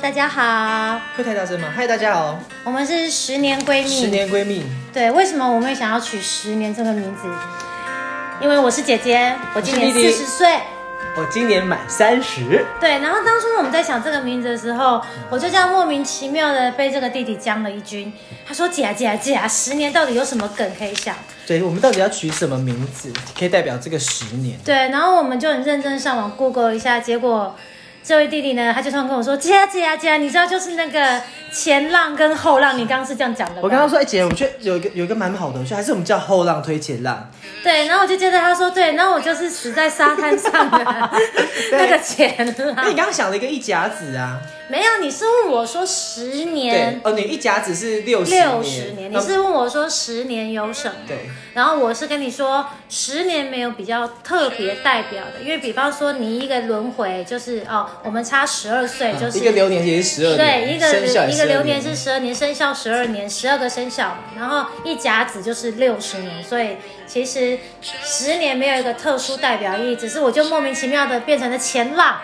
大家好，會太大聲嗎？嗨，大家好，我們是十年閨蜜，十年閨蜜。對，為什麼我們也想要取十年這個名字？因為我是姐姐，我今年四十歲，我今年滿三十。對，然後當初我們在想這個名字的時候，我就這樣莫名其妙的被這個弟弟將了一軍。他說：“姐姐姐，十年到底有什麼梗可以想？對，我們到底要取什麼名字可以代表這個十年？”對，然後我們就很認真上網 Google 一下，結果。這位弟弟呢，他就常常跟我說：“姐啊姐啊姐啊，你知道就是那個前浪跟後浪，你剛剛是這樣講的。”我剛剛說：“哎，姐，我覺得有一個有一個蠻好的，所以還是我們叫後浪推前浪。”對，然後我就接着他說：“對，然後我就是死在沙灘上的那個前浪。 ”因為你剛剛想了一個一甲子啊。沒有，你是問我說十年？哦，你一甲子是六十,六十年。你是問我說十年有什麼？對。然後我是跟你說，十年沒有比較特別代表的，因為比方說你一個輪迴就是哦，我們差十二歲，就是、啊、一個流年也是十二歲，一個一個流年是十二年，生肖十二年，十二個生肖，然後一甲子就是六十年，所以其實十年沒有一個特殊代表意義，只是我就莫名其妙的變成了前浪。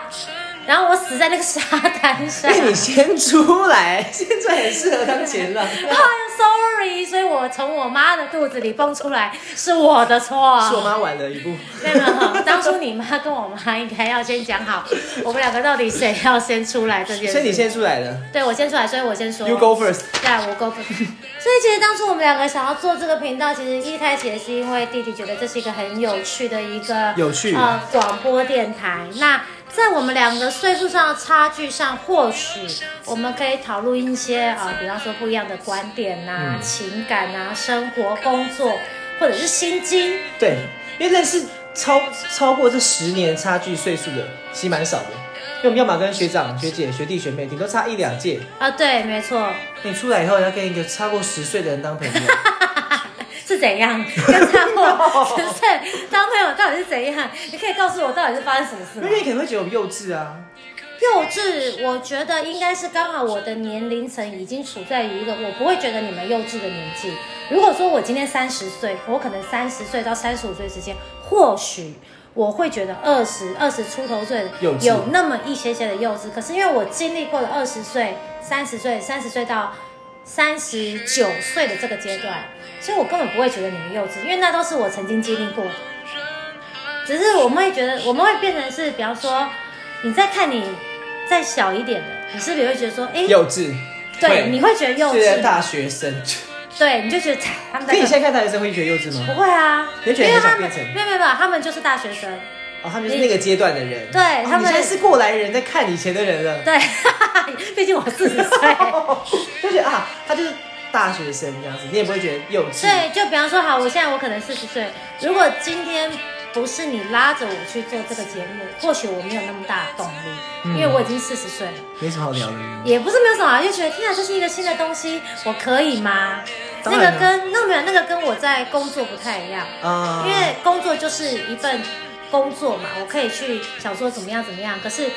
然後我死在那個沙灘上。你先出來，現在很適合當前浪了。很 sorry，所以我從我媽的肚子裡蹦出來是我的錯。是我媽晚了一步。 沒有，當初你媽跟我媽應該要先講好，我們兩個到底誰要先出來這件事。是你先出來的。對，我先出來，所以我先說。You go first. Yeah, 我 go first. 所以其實當初我們兩個想要做這個頻道，其實一開始也是因為弟弟覺得這是一個很有趣的一個有趣呃廣播電台。那。在我們兩個歲數上的差距上，或許我們可以討論一些啊，比方說不一樣的觀點吶、啊嗯、情感吶、啊、生活、工作，或者是心機。對，因為認識超超過這十年差距歲數的，其實蠻少的。因為我們要嘛跟學長、學姐、學弟、學妹，頂多差一兩屆啊。對，沒錯。你出來以後要跟一個超過十歲的人當朋友。 是怎樣跟差十歲？對，當朋友到底是怎樣？你可以告訴我到底是發生什麼事嗎？那你可能會覺得我幼稚啊！幼稚，我覺得應該是剛好我的年齡層已經處在於一個我不會覺得你們幼稚的年紀。如果說我今天三十歲，我可能三十歲到三十五歲之間，或許我會覺得二十二十出頭歲有那麼一些些的幼稚。可是因為我經歷過了二十歲、三十歲、三十歲到。三十九歲的這個階段，所以我根本不會覺得你們幼稚，因為那都是我曾經經歷過的。只是我們會覺得，我們會變成是，比方說，你在看你再小一點的，你是不是也會覺得說，哎、欸，幼稚？對，你會覺得幼稚。是大學生， 對，你就覺得，慘，他們在這。那你現在看大學生會覺得幼稚嗎？不會啊，覺得因為他們沒有，沒有沒有，他們就是大學生。哦、他們是那個階段的人，對他們、哦、現在是過來人在看以前的人了。對，畢竟我四十歲， 就覺、是、得啊，他就是大學生這樣子，你也不會覺得幼稚。對，就比方說，好，我現在我可能四十歲，如果今天不是你拉着我去做這個節目，或許我沒有那麼大的動力、嗯，因為我已經四十歲了，沒什麼好聊的。也不是沒有什麼啊，就覺得天啊，這是一個新的東西，我可以嗎？那個跟那沒有那個跟我在工作不太一樣啊，因為工作就是一份。工作嘛，我可以去想說怎麼樣怎麼樣。可是，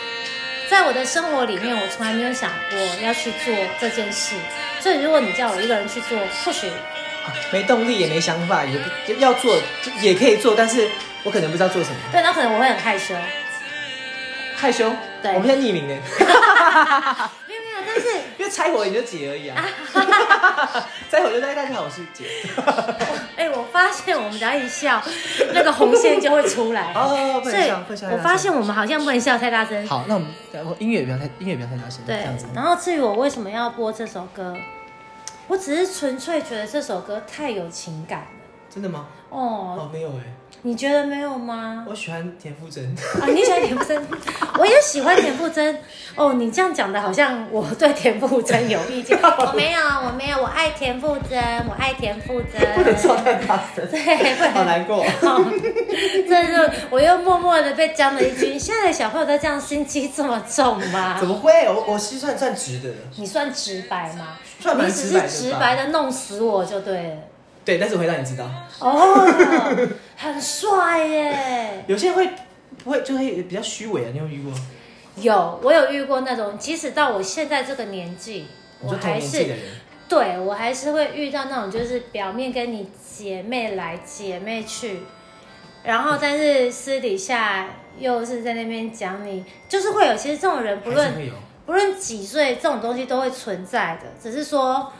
在我的生活裡面，我從來沒有想過要去做這件事。所以，如果你叫我一個人去做，或許、啊、沒動力，也沒想法，也要做也可以做，但是，我可能不知道做什麼。對，那可能我會很害羞。害羞，對，我們現在匿名哎。 但是因為拆火也就姐而已啊！啊 拆火就大家好解，我是姐。哎，我發現我們等一下一笑， 那個紅線就會出來、啊。哦，會我發現我們好像不能笑，不能笑太大聲。好，那我們我音樂也不要太，音樂也不要太大聲。對，這樣子。然後至於我為什麼要播這首歌，我只是純粹覺得這首歌太有情感了。真的嗎？哦哦，沒有哎、欸。你覺得沒有嗎？我喜歡田馥甄啊，你喜歡田馥甄， 我也喜歡田馥甄。哦，你這樣講的，好像我對田馥甄有意見。 我沒有，我沒有，我愛田馥甄，我愛田馥甄。不能說他的，對，對,對，會好難過。這、哦、就 我又默默的被將了一軍。現在的小朋友都這樣，心機這麼重嗎？怎麼會？我我其實算算直的。你算直白嗎？算,算蠻直白的。你只是直白的弄死我就對了。對，但是我會讓你知道哦，oh, yeah. 很帥耶。有些人會不會就會比較虛偽啊？你有，有遇過？有，我有遇過那種，即使到我現在這個年紀，oh, 我還是人對我還是會遇到那種，就是表面跟你姐妹來姐妹去，然後但是私底下又是在那邊講你，就是會有。其實這種人不論不論幾歲，這種東西都會存在的，只是說。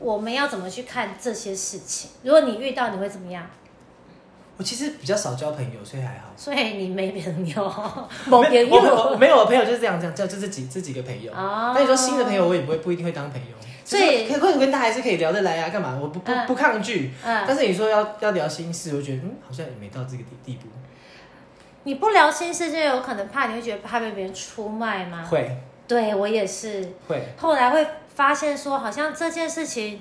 我們要怎麼去看這些事情？如果你遇到，你會怎麼樣？我其實比較少交朋友，所以還好。所以你沒朋友，沒朋友我沒我我，沒有朋友就是這樣，這樣就這幾、這幾個朋友。那、哦、你說新的朋友，我也不會，不一定會當朋友。所以，我可以跟跟他還是可以聊得來呀、啊？幹嘛？我不不不抗拒。嗯。但是你說要要聊心事，我覺得嗯，好像也沒到這個地地步。你不聊心事，就有可能怕，你會覺得怕被別人出賣嗎？會。對我也是。會。後來會。發現說好像這件事情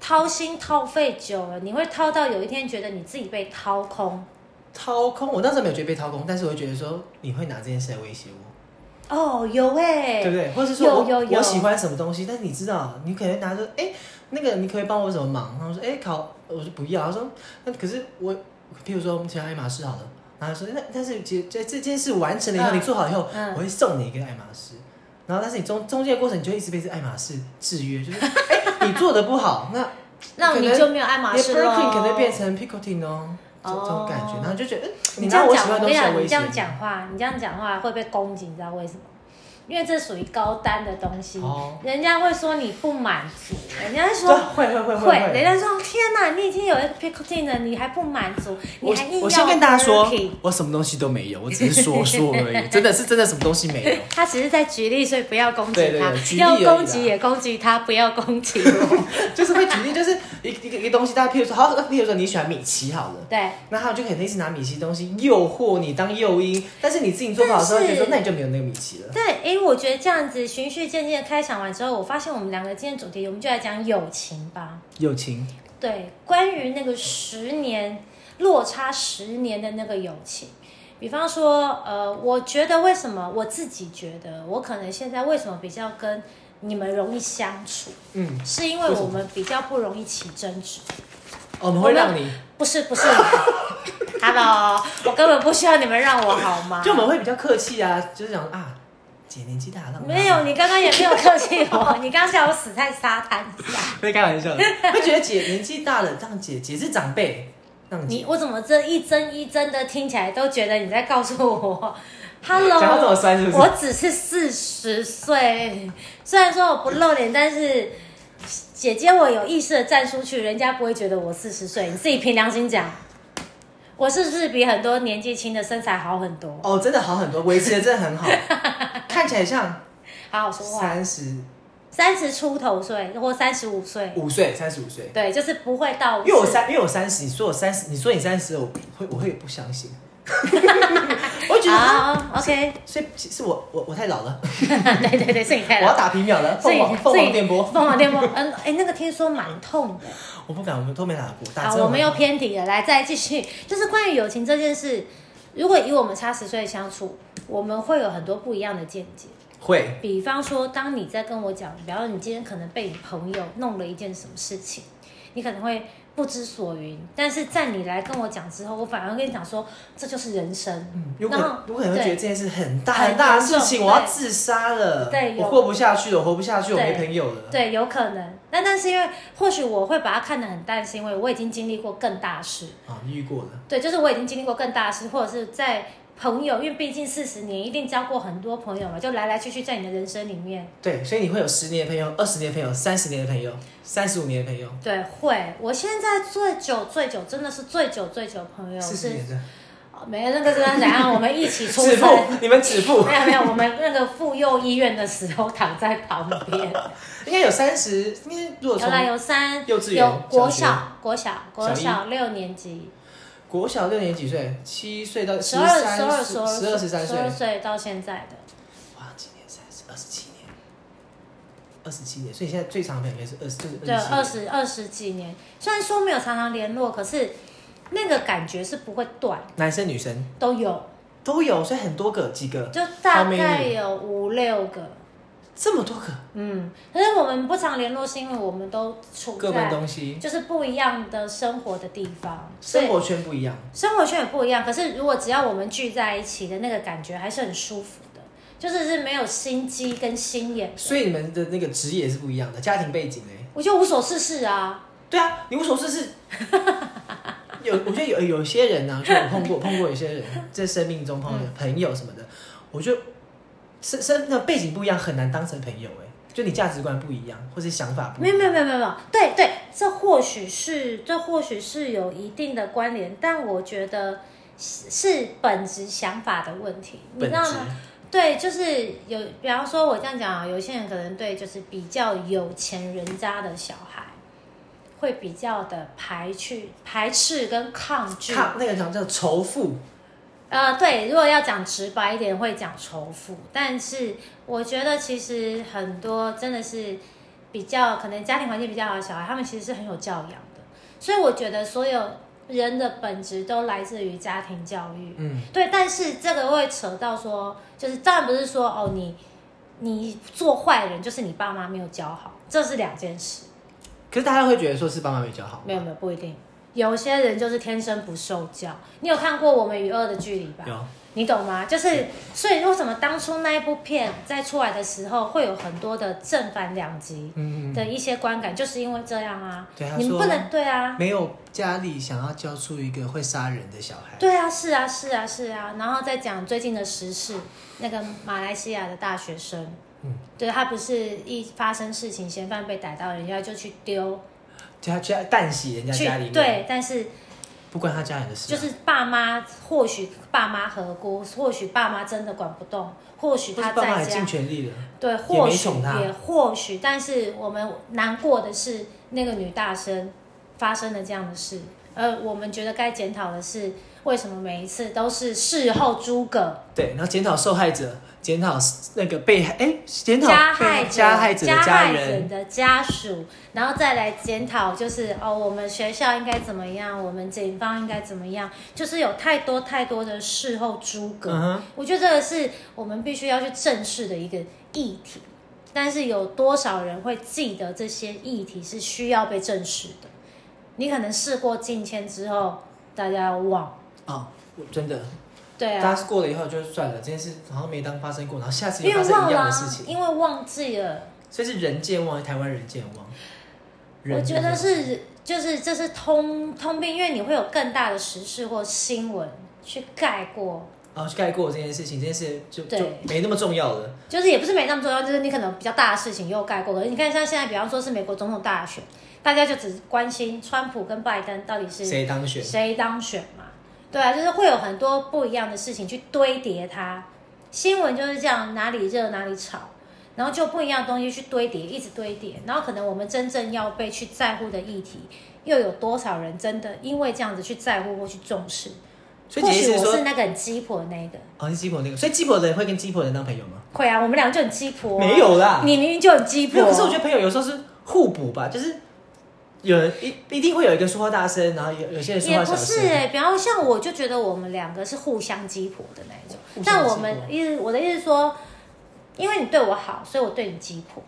掏心掏肺久了，你會掏到有一天覺得你自己被掏空。掏空，我當時沒有覺得被掏空，但是我會覺得說你會拿這件事來威脅我。哦，有哎、欸，對不對？或者是說，有有有，有我，我喜歡什麼東西，但是你知道，你可能拿着哎、欸，那個你可以幫我什麼忙？然後我說，哎、欸，考，我就不要。他說，那可是我，譬如說我們提愛馬仕好了，然後說，那但是其實在這件事完成了以後、嗯，你做好以後、嗯，我會送你一個愛馬仕。然後，但是你中中間的過程，你就一直被這愛馬仕制約，就是 欸，你做的不好，那 那你就沒有愛馬仕咯，可能變成 Picotin，oh, 哦，這種感覺，然後就覺得，你這樣講話，你我喜歡的東西你這樣講話，你這樣講話會被攻擊，你知道為什麼？因為這屬於高端的東西，oh. 人家會說你不滿足，人家會說對會會會會，人家說，會會會人家說天哪，你已經有一個 Picotin 了，你還不滿足，你還硬要我先跟大家說，我什麼東西都沒有，我只是說說而已， 真的是真的什麼東西沒有。 他只是在舉例，所以不要攻擊他，對對對，要攻擊也攻擊他，不要攻擊。 就是會舉例，就是一個一個一個東西大，大家譬如說，好，譬如說你喜歡米奇好了，對，然後那他就肯定是拿米奇東西誘惑你當誘因，但是你自己做不好的時候，會覺得說那你就沒有那個米奇了，對。因為我覺得這樣子循序漸進的開場完之後，我發現我們兩個今天主題，我們就來講友情吧。友情，對，關於那個十年落差十年的那個友情，比方說，呃，我覺得為什麼我自己覺得我可能現在為什麼比較跟你們容易相處，嗯，是因為我們比較不容易起爭執。我們，哦、我們會讓你？不是不是你 ，Hello，我根本不需要你們讓我好嗎？就我們會比較客氣啊，就是講啊。姐年紀大了，沒有，你剛剛也沒有客氣我， 你剛叫我死在沙灘上，可以開玩笑的，會覺得姐年紀大了，讓姐姐是長輩，你我怎麼這一針一針的聽起來都覺得你在告訴我 ，Hello，我我只是四十歲， 雖然說我不露臉，但是姐姐我有意識的站出去，人家不會覺得我四十歲，你自己憑良心講。我是不是比很多年紀輕的身材好很多？哦，真的好很多，維持得真的很好， 看起來像。好好說話。三十，三十出頭歲或三十五歲。五歲，三十五歲。對，就是不會到，因為我三，因為我三十，你說我三十，你說你三十，我會，我會不相信。 我覺得 OK 所以是我，我我太老了。 對對對，所以你太老。我要打皮秒了，所以鳳凰鳳凰電波，鳳凰電波。嗯，哎，那個聽說蠻痛的。我不敢，我們都沒打過。好，我們又偏題了。好。來，再繼續，就是關於友情這件事。如果以我們差十歲的相處，我們會有很多不一樣的見解。會。比方說，當你在跟我講，比方說你今天可能被你朋友弄了一件什麼事情，你可能會。不知所云，但是在你來跟我講之後，我反而跟你講說，這就是人生。嗯，有可能，我可能會覺得這件事很大很大的事情，我要自殺了，對，我過不下去了，我活不下去，我活不下去，我沒朋友了。對，有可能，那但，但是因為或許我會把它看得很淡，是因為我已經經歷過更大事啊，遇過了。對，就是我已經經歷過更大事，或者是在。朋友，因為畢竟四十年，一定交過很多朋友嘛，就來來去去在你的人生裡面。對，所以你會有十年的朋友，二十年的朋友，三十年的朋友，三十五年的朋友。對，會。我現在最久最久真的是最久最久的朋友40年的是、哦，沒有那個是怎樣？我們一起出腹， 你們止腹？沒有沒有，我們那個婦幼醫院的時候躺在旁邊， 應該有三十，原來有三，幼稚園，國小，國小，國小六年級。國小六年幾歲？七歲到十二，十二，十二，十二，十二歲到現在的。哇，今年三十二十七年，二十七年，所以現在最長的也是二十，就是二。對，二十二十幾年，雖然說沒有常常聯絡，可是那個感覺是不會斷。男生女生都有，都有，所以很多個幾個，就大概有五六個。這麼多個，嗯，可是我們不常聯絡，是因為我們都處在就是不一樣的生活的地方，生活圈不一樣，生活圈也不一樣。可是如果只要我們聚在一起的那個感覺還是很舒服的，就是是沒有心機跟心眼。所以你們的那個職業是不一樣的，家庭背景呢、欸。我就無所事事啊。對啊，你無所事事， 有我覺得有有些人呢、啊， 就我碰過碰過一些人在生命中碰過的朋友什麼的， 我覺得。身身的背景不一樣，很難當成朋友哎。就你價值觀不一樣，或是想法不一樣……沒有沒有沒有沒有沒有。對對，這或許是這或許是有一定的關聯，但我覺得是，是本質想法的問題，你知道嗎？對，就是有，比方說，我這樣講啊，有些人可能對就是比較有錢人家的小孩，會比較的排斥、排斥跟抗拒。抗那個講叫仇富。呃，對，如果要講直白一點，會講仇富。但是我覺得其實很多真的是比較可能家庭環境比較好的小孩，他們其實是很有教養的。所以我覺得所有人的本質都來自於家庭教育。嗯，對。但是這個會扯到說，就是當然不是說哦，你你做壞人就是你爸媽沒有教好，這是兩件事。可是大家會覺得說是爸媽沒教好，沒有沒有不一定。有些人就是天生不受教。你有看過《我們與惡的距離》吧？有。你懂嗎？就是、是，所以為什麼當初那一部片在出來的時候，會有很多的正反兩極的一些觀感嗯嗯，就是因為這樣啊。對，他說你們不能對啊。沒有家裡想要教出一個會殺人的小孩。對啊，是啊，是啊，是啊。然後再講最近的時事，那個馬來西亞的大學生，嗯、對，他不是一發生事情，嫌犯被逮到，人家就去丟。他家，家蛋洗人家家裡面，對，但是不關他家人的事、啊。就是爸媽，或許爸媽和姑，或許爸媽真的管不動，或許他在家是爸媽盡全力了，對，或許也，也或許，但是我們難過的是，那個女大生發生了這樣的事。而我們覺得該檢討的是，為什麼每一次都是事後諸葛？對，然後檢討受害者。檢討那個被害，哎，檢討加害者、加害者的家人，加害人的家屬，然後再來檢討，就是哦，我們學校應該怎麼樣，我們警方應該怎麼樣，就是有太多太多的事後諸葛。嗯、我覺得這個是我們必須要去正視的一個議題，但是有多少人會記得這些議題是需要被正視的？你可能事過境遷之後，大家要忘啊、哦，真的。對、啊、大家過了以後就算了，這件事好像沒當發生過，然後下次又發生一樣的事情、啊，因為忘記了。所以是人健忘，台灣人健忘。我覺得是就是這是通通病，因為你會有更大的時事或新聞去蓋過，然、哦、後去蓋過這件事情，這件事就對就沒那麼重要了。就是也不是沒那麼重要，就是你可能比較大的事情又蓋過了。你看像現在，比方說是美國總統大選，大家就只關心川普跟拜登到底是誰當選，誰當選嘛。對啊，就是會有很多不一樣的事情去堆疊它。新聞就是這樣，哪裡熱哪裡炒，然後就不一樣東西去堆疊，一直堆疊。然後可能我們真正要被去在乎的議題，又有多少人真的因為這樣子去在乎或去重視？所以，其實我是那個很雞婆那一個，啊、哦，雞婆那個。所以，雞婆的人會跟雞婆人當朋友嗎？會啊，我們倆就很雞婆、哦，沒有啦。你明明就很雞婆。可是我覺得朋友有時候是互補吧，就是。有人一一定會有一個說話大聲，然後有有些人說話小聲。也不是哎、欸，比方像我，就覺得我們兩個是互相雞婆的那一種。但我們，我的意思是說，因為你對我好，所以我對你雞婆。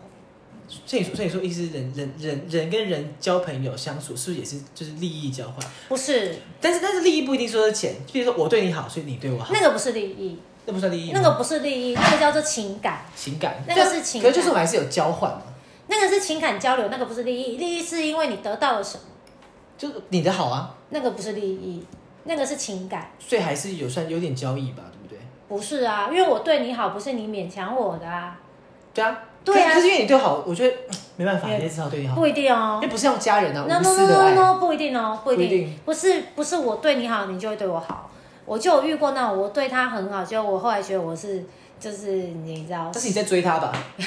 所以你說，所以你說，意思是人人人人跟人交朋友相處，是不是也是就是利益交換？不是。但是但是利益不一定說是錢，比如說我對你好，所以你對我好。那個不是利益，那不算利益，那個不是利益，那個叫做情感。情感，那個是情感，可是就是我們還是有交換嘛。那個是情感交流，那個不是利益。利益是因為你得到了什麼？就你的好啊。那個不是利益，那個是情感。所以還是有算有點交易吧，對不對？不是啊，因為我對你好，不是你勉強我的啊。對啊。對啊。可是，是因為你對我好，我覺得沒辦法，你也只好對你好，好。不一定哦，因為不是要家人啊 no, no, no, no, 無私的愛 no no no no 不一定哦，不一定。不一定。不是不是我對你好，你就會對我好。我就有遇過那種，我對他很好，就我後來覺得我是。就是你知道，但是你在追他吧？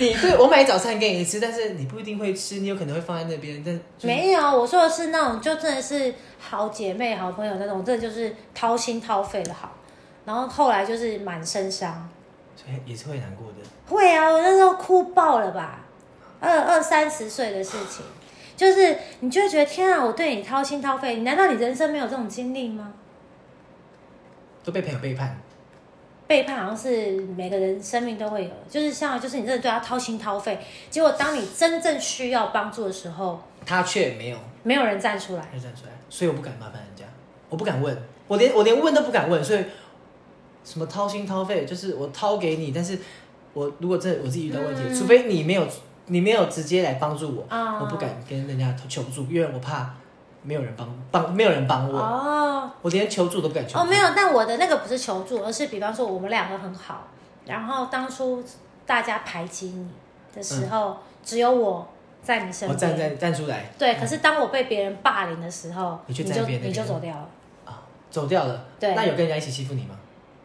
你對我買早餐給你吃，但是你不一定會吃，你有可能會放在那邊。但、就是、沒有，我說的是那種，就真的是好姐妹、好朋友那種，這就是掏心掏肺的好。然後後來就是滿身傷，所以也是會難過的。會啊，我那時候哭爆了吧？二二三十歲的事情， 就是你就會覺得天啊，我對你掏心掏肺，你難道你人生沒有這種經歷嗎？都被朋友背叛。背叛好像是每個人生命都會有，就是像，就是你真的對他掏心掏肺，結果當你真正需要幫助的時候，他卻沒有，沒有人站出來，沒有站出來，所以我不敢麻煩人家，我不敢問，我連我連問都不敢問，所以什麼掏心掏肺就是我掏給你，但是我如果真的我自己遇到問題，嗯，除非你沒有你沒有直接來幫助我，嗯，我不敢跟人家求助，因為我怕。沒有人幫幫，沒有人幫我。哦、oh，我連求助都不敢求助。哦、oh，沒有，但我的那個不是求助，而是比方說我們兩個很好，然後當初大家排擠你的時候，嗯、只有我在你身邊。我、oh, 站在站，站出來。對，可是當我被別人霸凌的時候，嗯、你就你，在別人邊你就走掉了。啊，走掉了。對。那有跟人家一起欺負你嗎？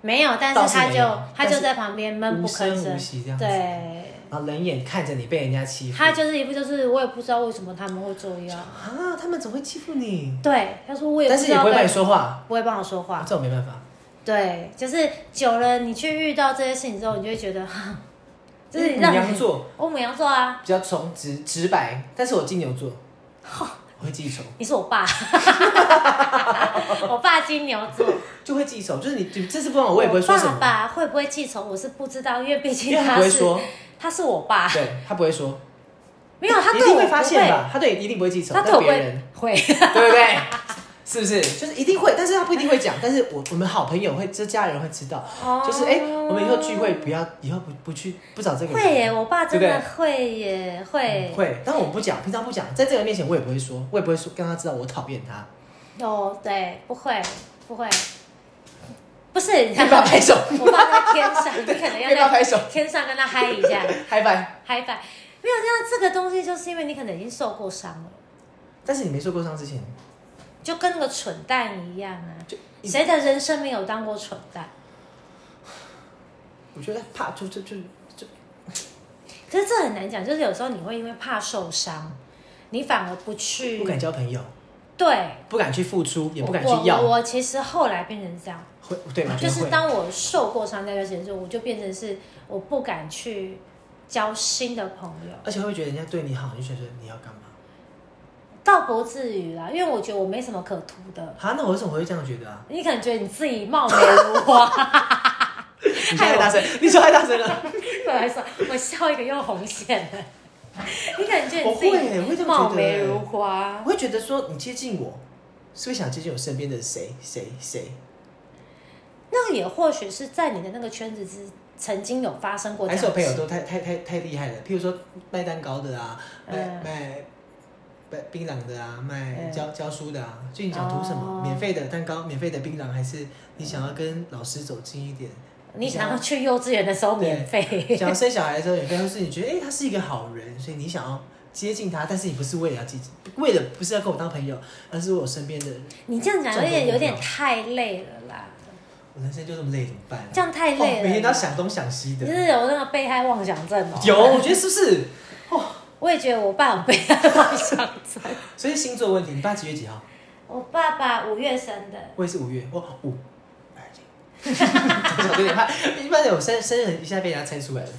沒有，但是他就是他就在旁邊悶不吭聲，這樣，對。啊！冷眼看着你被人家欺負。他就是一副就是我也不知道為什麼他們會這樣。啊！他們怎麼會欺負你？對，他說我也不知道。但是也不會幫你說話。不會幫我說話，這我沒辦法。對，就是久了，你去遇到這些事情之後，你就會覺得，就是你羊座，我母羊座啊，比較衝、直直白，但是我金牛座，哈，我會記仇。你是我爸， 我爸金牛座， 就會記仇。就是你，你這次不管我，我，也不會說什麼。我爸爸會不會記仇，我是不知道，因為畢竟他，yeah, 他是。不會說他是我爸，對他不會說，沒有，他對、欸、一定會發現吧？他對一定不會記仇，但別人會， 對不對？是不是？就是一定會，但是他不一定會講、欸。但是我我們好朋友會，這家人會知道，哦、就是哎、欸，我們以後聚會不要，以後不不去不找這個人。會耶，我爸真的會耶會、嗯、會，但我不講，平常不講，在這個人面前我也不會說，我也不會說跟他知道我討厭他。哦，對，不會不會。不是，你不要拍手，我幫他天上， 你可能要在拍手天上跟他嗨一下，嗨翻，嗨翻，沒有這樣這個東西，就是因為你可能已經受過傷了。但是你沒受過傷之前，就跟那個蠢蛋一樣啊！誰的人生沒有當過蠢蛋？我覺得怕就就就就，可是這很難講，就是有時候你會因為怕受傷，你反而不去，不敢交朋友。對，不敢去付出，也不敢去要。我，我其實後來變成這樣，會，對，就是當我受過傷的那段時間之後，我就變成是我不敢去交新的朋友。而且會覺得人家對你好，你選擇你要幹嘛？倒不至於啦，因為我覺得我沒什麼可圖的。好，那我為什麼會這樣覺得啊？你可能覺得你自己貌美如花，太 大聲！ 你太大聲了！不好意思，我笑一個用紅線 你感覺你自己貌美如花，我、欸我，我會覺得說你接近我，是不是想接近我身邊的誰誰誰？那也或許是在你的那個圈子之，曾經有發生過。還是我朋友都太太太太厲害了，譬如說賣蛋糕的啊，賣、呃、賣檳榔的啊，賣、呃、教教書的啊。最近想圖什麼、呃？免費的蛋糕，免費的檳榔，還是你想要跟老師走近一點？呃嗯你想，你想要去幼稚園的時候免費，想要生小孩的時候免費，或、就是你覺得哎、欸，他是一個好人，所以你想要接近他，但是你不是為了要自己，為了不是要跟我當朋友，而是我身邊的人。你這樣講有點有點太累了啦。我人生就這麼累怎麼辦？這樣太累了，哦、每天都要想東想西的，你是有那個被害妄想症嗎？有，我覺得是不是？哦，我也覺得我爸有被害妄想症。 所以星座問題，你爸幾月幾號？我爸爸五月生的。我也是五月，我五。有點怕，一般有生生日一下被人家猜出來了，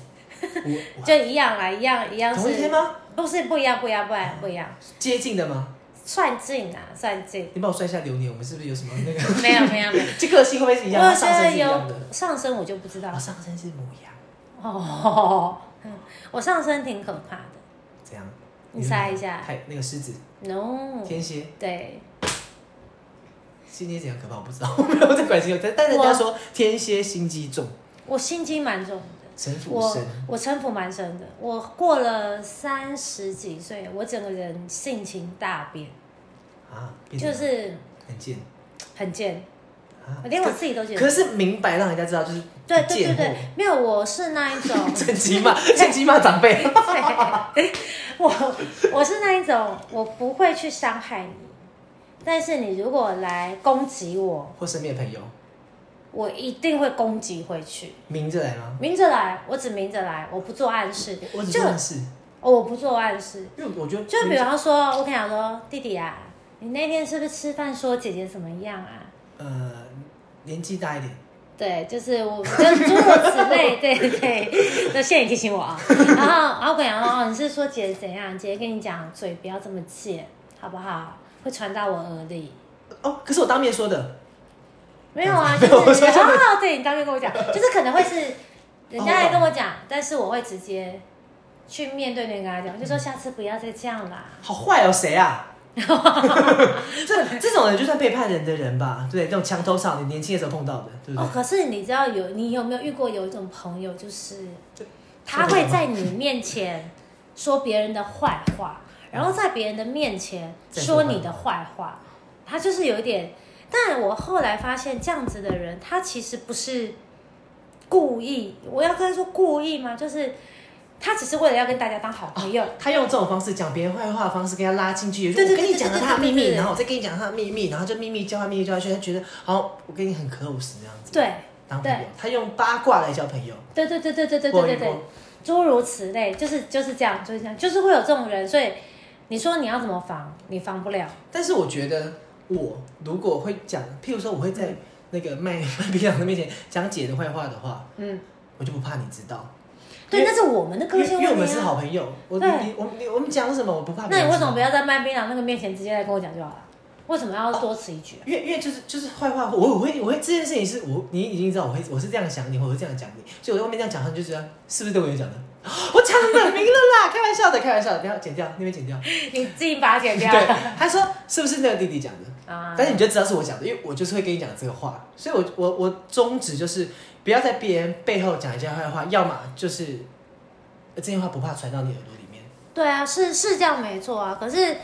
就一樣啊，一樣一樣是。 同一天嗎？不是，不一樣，不一樣，不一樣。啊、接近的嗎？算近啊，算近。你幫我算一下流年，我們是不是有什麼那個？ 沒有，沒有，沒有。這 個性會不會是一樣？我覺得有。上升我就不知道、啊哦哦嗯。我上升是牡羊。哦。我上升挺可怕的。怎樣？你猜一下。太那個獅子。No。天蠍。對。心機怎樣可怕？我不知道，我沒有在關心。但人家說天蠍心機重，我心機蠻重的。城府。我我城府蠻深的。我過了三十幾歲，我整個人性情大變、啊、變就是很賤，很賤、啊。我連我自己都覺得可。可是明白讓人家知道就是對，對，對、對，對，沒有，我是那一種趁機罵，趁機罵長輩。我我是那一種，我不會去傷害你。但是你如果來攻擊我，或身邊的朋友，我一定會攻擊回去。明着來嗎？明着來，我只明着來，我不做暗示。我只暗示就，我不做暗示，因為我覺得，就比如說，我跟你講說，弟弟啊，你那天是不是吃飯說姐姐怎麼樣啊？呃，年紀大一點。對，就是我，就諸如此類，對 對對。那謝謝你提醒我啊 然後，我跟你講哦，你是說姐姐怎樣？姐跟你講，姐跟你講，嘴不要這麼賤，好不好？會傳到我耳裡。哦，可是我當面說的。沒有啊，就是啊 、哦，對，你當面跟我講， 就是可能會是人家來跟我講，哦、但是我會直接去面對那個人講，嗯，就說下次不要再這樣啦。好壞哦，誰啊？ 這這種人就算背叛人的人吧，對，這種牆頭草，你年輕的時候碰到的。對對哦，可是你知道有你有沒有遇過有一種朋友，就是他會在你面前說別人的壞話。.然後在別人的面前說你的壞話，壞他就是有一點。但我後來發現，這樣子的人他其實不是故意。我要跟他說故意嗎？就是他只是為了要跟大家當好朋友。哦，他用這種方式講別人壞話的方式，跟他拉近距離。我跟你講了他的秘密，對對對對對對對，然後我再跟你講他的秘密，然後就秘密交換，秘密交換，去他覺得好，我跟你很 close 那樣子對。對，當朋友，他用八卦來交朋友。對對對對對對對對對，對，諸如此類，就是就是這樣，就是這樣，就是會有這種人，所以。你說你要怎麼防你防不了。但是我覺得，我如果會講，譬如說，我會在那個賣賣檳榔的面前講姊的壞話的話，嗯，我就不怕你知道。對，那是我們的個性。因為我們是好朋友，我，友我你我你我們講什麼，我不怕知道。那你為什麼不要在賣檳榔那個面前直接來跟我講就好了？為什麼要多此一舉、啊哦？因為因為就是就是壞話，我會我會，我會這件事情是我你已經知道我會我是這樣想你，我會這樣講你，所以我在外面這樣講，他就知道是不是對我講的。哦、我的了名了啦， 開玩笑的，開玩笑的，不要剪掉，那邊剪掉，你自己把它剪掉。對，他說是不是那個弟弟講的？啊， 但是你就知道是我講的，因為我就是會跟你講這個話，所以我我我宗旨就是不要在別人背後講一些壞話，要麼就是這些話不怕傳到你耳朵裡面。對啊，是是這樣沒錯啊，可是。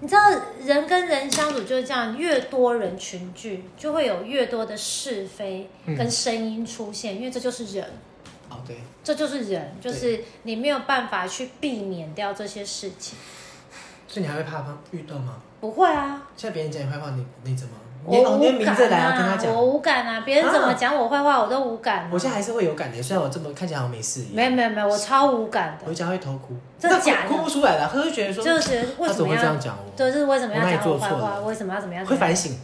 你知道人跟人相處就是這樣，越多人群聚，就會有越多的是非跟聲音出現、嗯，因為這就是人。哦，對，這就是人，就是你沒有辦法去避免掉這些事情。所以你還會怕遇到嗎？不會啊。現在別人講你壞話，你你怎麼？我無感啊！我無感啊！別、啊、人怎麼講我壞話、啊，我都無感。我現在還是會有感覺、欸、雖然我這麼看起來好像沒事一樣。沒有沒有沒有，我超無感的。我回家會偷哭。這假的哭，哭不出來了，他就覺得說，就是為什麼要麼這樣講我對？就是為什麼要講我壞話？為什麼要怎麼樣，樣？會反省？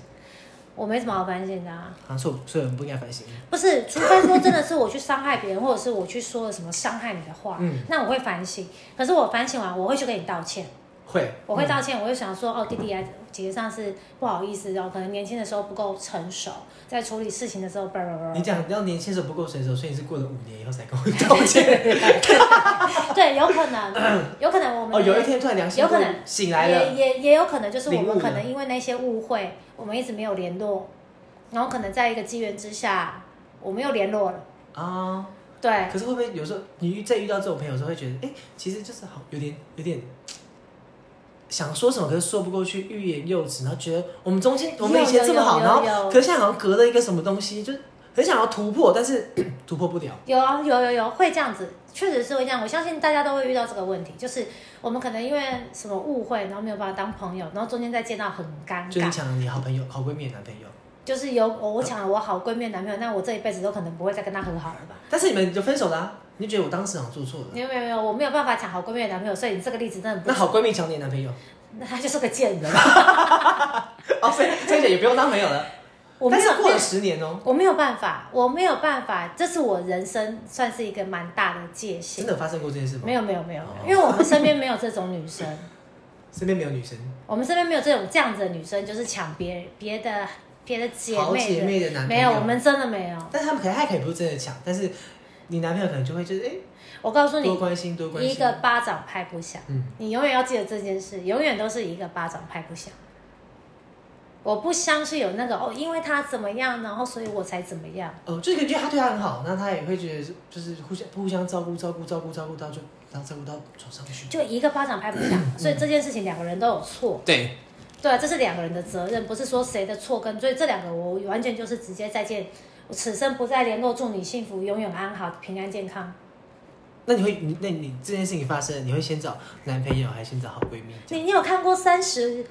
我沒什麼好反省的啊！所、啊、以所以我們不應該反省。不是，除非說真的是我去傷害別人， 或者是我去說了什麼傷害你的話，嗯，那我會反省。可是我反省完，我會去跟你道歉。會，我會道歉、嗯。我會想說，哦，弟弟其實上次不好意思，然後可能年輕的時候不夠成熟，在處理事情的時候，你講要年輕的時候不夠成熟，所以你是過了五年以後才跟我道歉。 對， 對，有可能，有可能我們哦，有一天突然良心有可能醒來了，也也也有可能就是我們可能因為那些誤會，我們一直沒有聯絡，然後可能在一個機緣之下，我們又聯絡了啊。對，可是會不會有時候你遇在遇到這種朋友的時候會覺得，哎，其實就是好有點有點。有點想說什麼，可是說不過去，欲言又止，然後覺得我們中間，我們以前這麼好，有有有有有有有然後，可是現在好像隔了一個什麼東西，就很想要突破，但是突破不了。有啊有有有會這樣子，確實是會這樣。我相信大家都會遇到這個問題，就是我們可能因為什麼誤會，然後沒有辦法當朋友，然後中間再見到很尷尬。就跟你講你好朋友、好閨蜜、男朋友。就是有、哦、我搶了我好閨蜜男朋友、嗯，那我這一輩子都可能不會再跟她和好了吧？但是你們就分手了。啊。你覺得我當時好像做錯了？沒有沒有沒有，我沒有辦法搶好閨蜜男朋友，所以你這個例子真的不。那好閨蜜搶你的男朋友？那她就是個賤人。哦、 oh, okay, okay, 所以真的也不用當朋友了。我們是過了十年哦、喔，我沒有辦法，我沒有辦法，這是我人生算是一個蠻大的界限。真的發生過這件事嗎？沒有沒有沒有，沒有 因為我們身邊沒有這種女生。 身邊沒有女生。我們身邊沒有這種這樣子的女生，就是搶別人、別的。別的姐妹,好姐妹的男朋友，沒有，我們真的沒有。但他們可能他還可以不是真的搶，但是你男朋友可能就會覺得、就是，哎，我告訴你，多關心，多關心，一個巴掌拍不響。嗯，你永遠要記得這件事，永遠都是一個巴掌拍不響。我不相信有那個哦，因為他怎麼樣，然後所以我才怎麼樣。哦、嗯，就感覺他對他很好，那他也會覺得就是互相互相照顧照顧照顧照顧到就，然後照顧到床上去。就一個巴掌拍不響、嗯嗯，所以這件事情兩個人都有錯。對。對啊，這是兩個人的責任，不是說誰的錯。跟所以這兩個，我完全就是直接再見，我此生不再聯絡，祝你幸福，永遠安好，平安健康。那你會，你那你這件事情發生，你會先找男朋友，還是先找好閨蜜？你你有看過《三十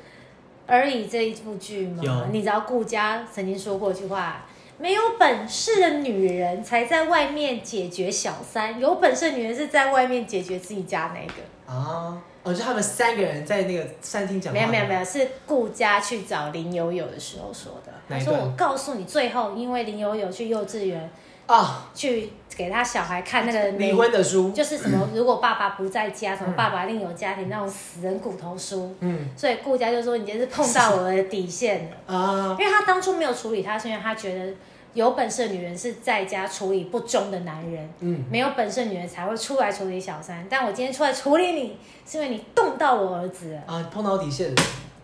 而已》這一部劇嗎？有。你知道顧佳曾經說過一句話：沒有本事的女人才在外面解決小三，有本事的女人是在外面解決自己家那個啊。哦，就他們三個人在那個餐廳講。沒有沒有沒有，是顧佳去找林有有的時候說的。他說，我告訴你，最後因為林有有去幼稚園啊，oh, 去給他小孩看那個離婚的書，就是什麼如果爸爸不在家， 什麼爸爸另有家庭那種死人骨頭書。嗯， 所以顧佳就說，你這是碰到我的底線啊， uh, 因為他當初沒有處理他，是因為他覺得。有本事的女人是在家處理不忠的男人，嗯，沒有本事的女人才會出來處理小三。但我今天出來處理你，是因為你動到我兒子啊，碰到底線，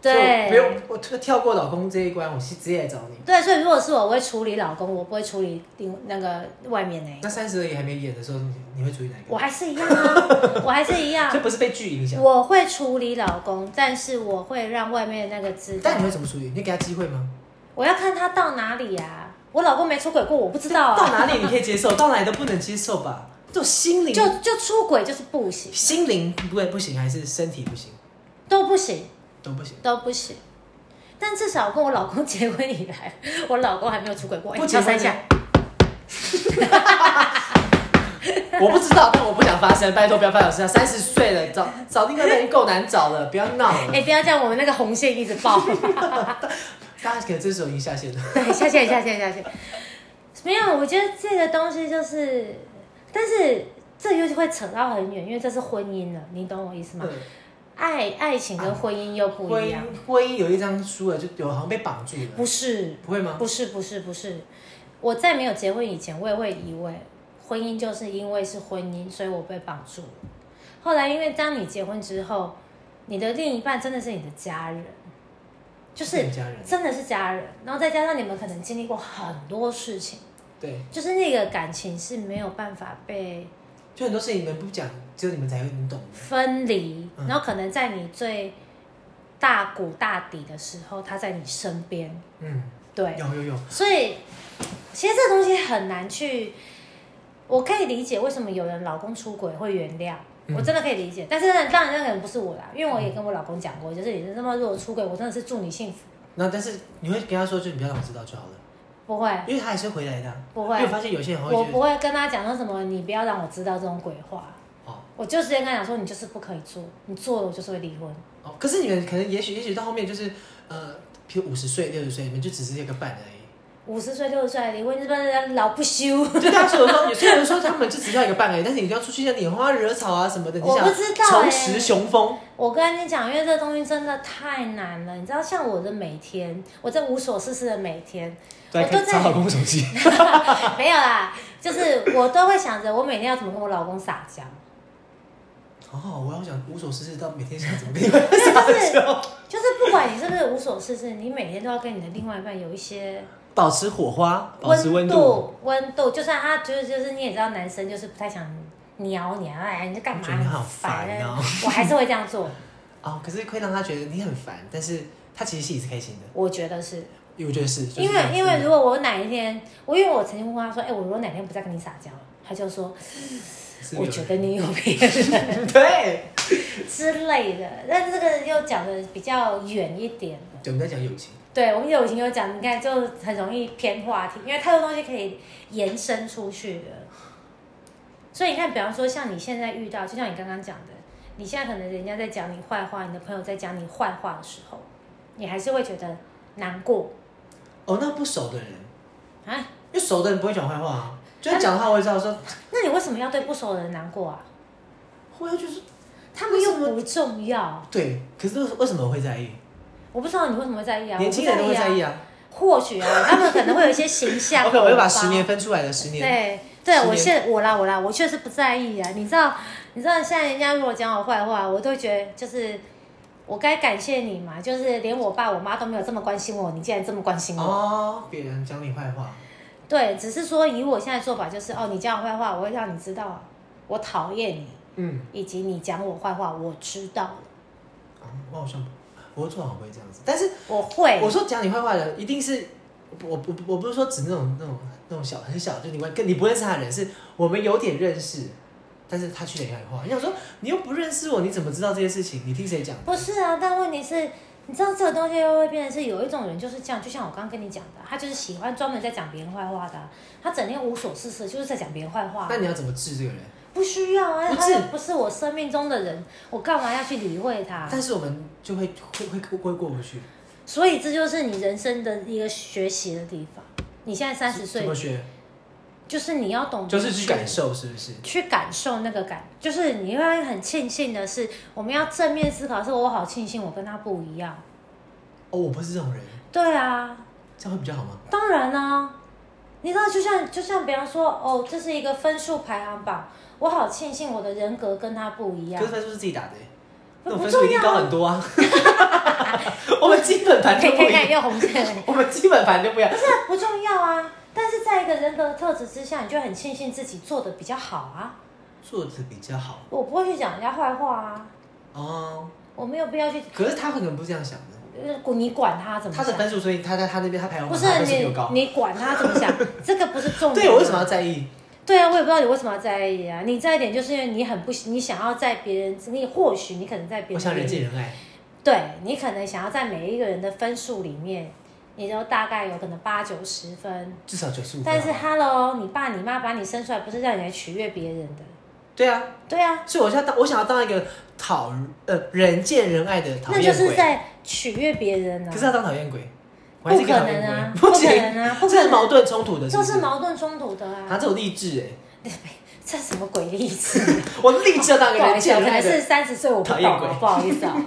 對，不用我跳過老公這一關，我是直接來找你。對，所以如果是我，我會處理老公，我不會處理那個外面的。那三十而已還沒演的時候，你會處理哪一個？我還是一樣啊， 我還是一樣，這不是被劇影響。我會處理老公，但是我會讓外面的那個知道。但你會怎麼處理？你給他機會嗎？我要看他到哪裡呀、啊。我老公沒出軌過，我不知道、啊。到哪裡你可以接受，到哪裡都不能接受吧？就心靈，就就出軌就是不行。心靈不會不行還是身體不行？都不行，都不行，都不行。但至少跟我老公結婚以來，我老公還沒有出軌過，不超三下。 我不知道，但我不想發生。拜托，不要發生事，三十歲了，找找另一半已夠難找了，不要鬧了。哎、欸，不要這樣，我們那個紅線一直爆。 大家可以這時候已經下線了。對，下線，下線，下線。 沒有，我覺得這個東西就是，但是這又會扯到很遠，因為這是婚姻了，你懂我意思嗎？對。愛、愛情跟婚姻又不一樣。啊、婚，婚姻有一張書了，就有好像被綁住了。不是。不會嗎？不是，不是，不是。我在沒有結婚以前，我也會以為婚姻就是因為是婚姻，所以我被綁住了。後來，因為當你結婚之後，你的另一半真的是你的家人。就是真的是家人，然後再加上你們可能經歷過很多事情，對，就是那個感情是沒有辦法被，就很多事情你們不講，只有你們才會懂。分離，然後可能在你最大谷大底的時候，他在你身邊，嗯，對，有有有。所以其實這個東西很難去，我可以理解為什麼有人老公出軌會原諒。嗯、我真的可以理解，但是當然那個人不是我啦，因為我也跟我老公講過、嗯，就是你他媽如果出軌，我真的是祝你幸福。那但是你會跟他說，就你不要讓我知道就好了。不會，因為他還是會回來的、啊。不會，因為我發現有些人會我不會跟他講說什麼，你不要讓我知道這種鬼話。哦，我就直接跟他講說，你就是不可以做，你做了我就是會離婚。哦，可是你們可能也許也許到後面就是呃，比如五十歲六十歲，你們就只是一個伴而已。五十歲六十歲離婚，這幫人老不休。就他說說有些人說他們就只需要一個伴而已，但是你要出去要拈花惹草啊什麼的。想我不知道哎、欸。重拾雄風。我跟你講，因為這東西真的太難了。你知道，像我的每天，我在無所事事的每天，都我都在查老公手機。 沒有啦，就是我都會想着我每天要怎麼跟我老公撒嬌。好、哦、好，我要想無所事事到每天想怎麼跟。 就是就是，不管你是不是無所事事，你每天都要跟你的另外一半有一些。保持火花，保持溫度，溫度，度。就算他就是就是，你也知道，男生就是不太想鳥你啊，哎，你在幹嘛？你好煩、喔，我還是會這樣做。 哦，可是可以讓他覺得你很煩，但是他其實心裡是開心的。我覺得是，因為我覺得是，就是、因為因為如果我哪一天，我因為我曾經問他說，哎、欸，我如果哪天不再跟你撒嬌，他就說，我覺得你有病，對之類的。但是這個又講的比較遠一點。對，我們在講友情。對，我們以前有講，你看就很容易偏話題，因為太多東西可以延伸出去的，所以你看，比方說像你現在遇到，就像你剛剛講的，你現在可能人家在講你壞話，你的朋友在講你壞話的時候，你還是會覺得難過。哦，那不熟的人，啊、因為熟的人不會講壞話啊，就講的話我也知道。說，那你為什麼要對不熟的人難過啊？我就是，他們又不重要。對，可是為什麼會在意？我不知道你為什麼會在意啊。年輕人都會在意啊。或許啊，許啊 他們可能會有一些形象。 OK，我又把十年分出來的 十年。對年對，我現我啦我啦，我確實不在意啊。你知道，你知道現在人家如果講我壞話，我都會覺得就是我該感謝你嘛。就是連我爸我媽都沒有這麼關心我，你竟然這麼關心我。哦，別人講你壞話。對，只是說以我現在做法就是哦，你講我壞話，我會讓你知道我討厭你。嗯。以及你講我壞話，我知道了。啊、哦，我好像。不過做好不會這樣子，但是我會。我說講你壞話的人一定是，我不我，我不是說指那種那種那種小很小，就你問，跟你不認識他的人，是我們有點認識，但是他卻講你壞話。你想說你又不認識我，你怎麼知道這些事情？你聽誰講？不是啊，但問題是，你知道這個東西又會變成是有一種人就是這樣，就像我剛剛跟你講的，他就是喜歡專門在講別人壞話的，他整天無所事事就是在講別人壞話。那你要怎麼治這個人？不需要啊，不他也不是我生命中的人，我幹嘛要去理會他，啊？但是我們就會、嗯、會會會過不去。所以這就是你人生的一個學習的地方。你現在三十歲，怎麼學？就是你要懂，就是去感受，是不是？去感受那個感，就是你會很慶幸的是，我們要正面思考，是我好慶幸我跟他不一樣。哦，我不是這種人。對啊，這樣會比較好嗎？當然啦，啊。你知道就，就像就像，比方說，哦，這是一個分數排行榜，我好慶幸我的人格跟他不一樣。可是分數是自己打的，欸，那個啊，不，不重要。分數一定高很多啊。 我們基本盤就不一樣，可以可以用紅線。我們基本盤就不一樣。不是不重要啊， 但是在一個人格的特質之下，你就很慶幸自己做的比較好啊。做的比較好。我不會去講人家壞話啊。哦。我沒有必要去。可是他可能不這樣想的。你管他怎麼想？他的分數，所以他在他那邊，他排名不是你，你管他怎麼想， 這個不是重點啊。對，我為什麼要在意？對啊，我也不知道你為什麼要在意啊。你這一點就是因為你很不，你想要在別人，你或許你可能在別人，我想人見人愛。對，你可能想要在每一個人的分數裡面，你都大概有可能八九十分，至少九十五。但是哈嘍，你爸你媽把你生出來不是讓你來取悅別人的。對啊，對啊。所以，我想要當我想要當一個。討呃人見人愛的討厭鬼，那就是在取悅別人、啊。可是要當討厭鬼，、啊、鬼，不可能啊！不可能啊！這是矛盾衝突的是是，都是矛盾衝突的啊！他、啊、這種勵志哎、欸，這是什麼鬼勵志的？ 我勵志當個人見人討厭鬼，不好意思啊，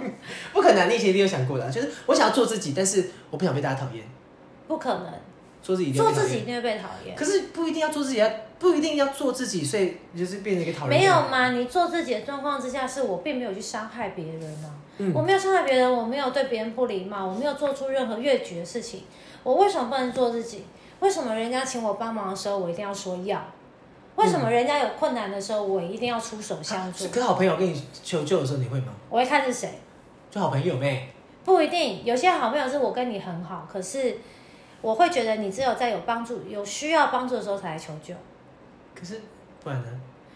不可能、啊！你以前一定有想過的、啊，就是我想要做自己，但是我不想被大家討厭，不可能。做自己做自己一定會被討厭，可是不一定要做自己，不一定要做自己，所以就是變成一個討厭。沒有嘛，你做自己的狀況之下，是我並沒有去傷害別人啊、嗯，我沒有傷害別人，我沒有對別人不禮貌，我沒有做出任何越矩的事情，我為什麼不能做自己？為什麼人家請我幫忙的時候我一定要說要？為什麼人家有困難的時候我一定要出手相助？嗯啊、可是好朋友跟你求救的時候你會嗎？我會看是誰？做好朋友唄。不一定，有些好朋友是我跟你很好，可是。我會覺得你只有在有幫助、有需要幫助的時候才來求救，可是不然呢？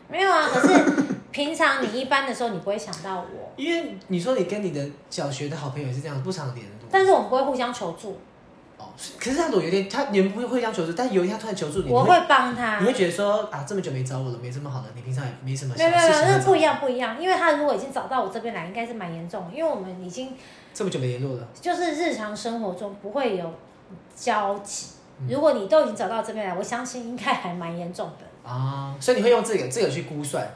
沒有啊，可是平常你一般的時候你不會想到我， 因為你說你跟你的小學的好朋友也是這樣不常聯絡，但是我們不會互相求助。哦、可是他樣有點，他你們不會互相求助，但有一天他突然求助你，我會幫他，你會，你會覺得說啊，這麼久沒找我了，沒這麼好了，你平常也沒什麼事，沒，沒有沒有，那不一樣不一樣，因為他如果已經找到我這邊來，應該是蠻嚴重，因為我們已經這麼久沒聯絡了，就是日常生活中不會有。交集，如果你都已經走到這邊來，嗯，我相信應該還蠻嚴重的啊，所以你會用這個這個去估算。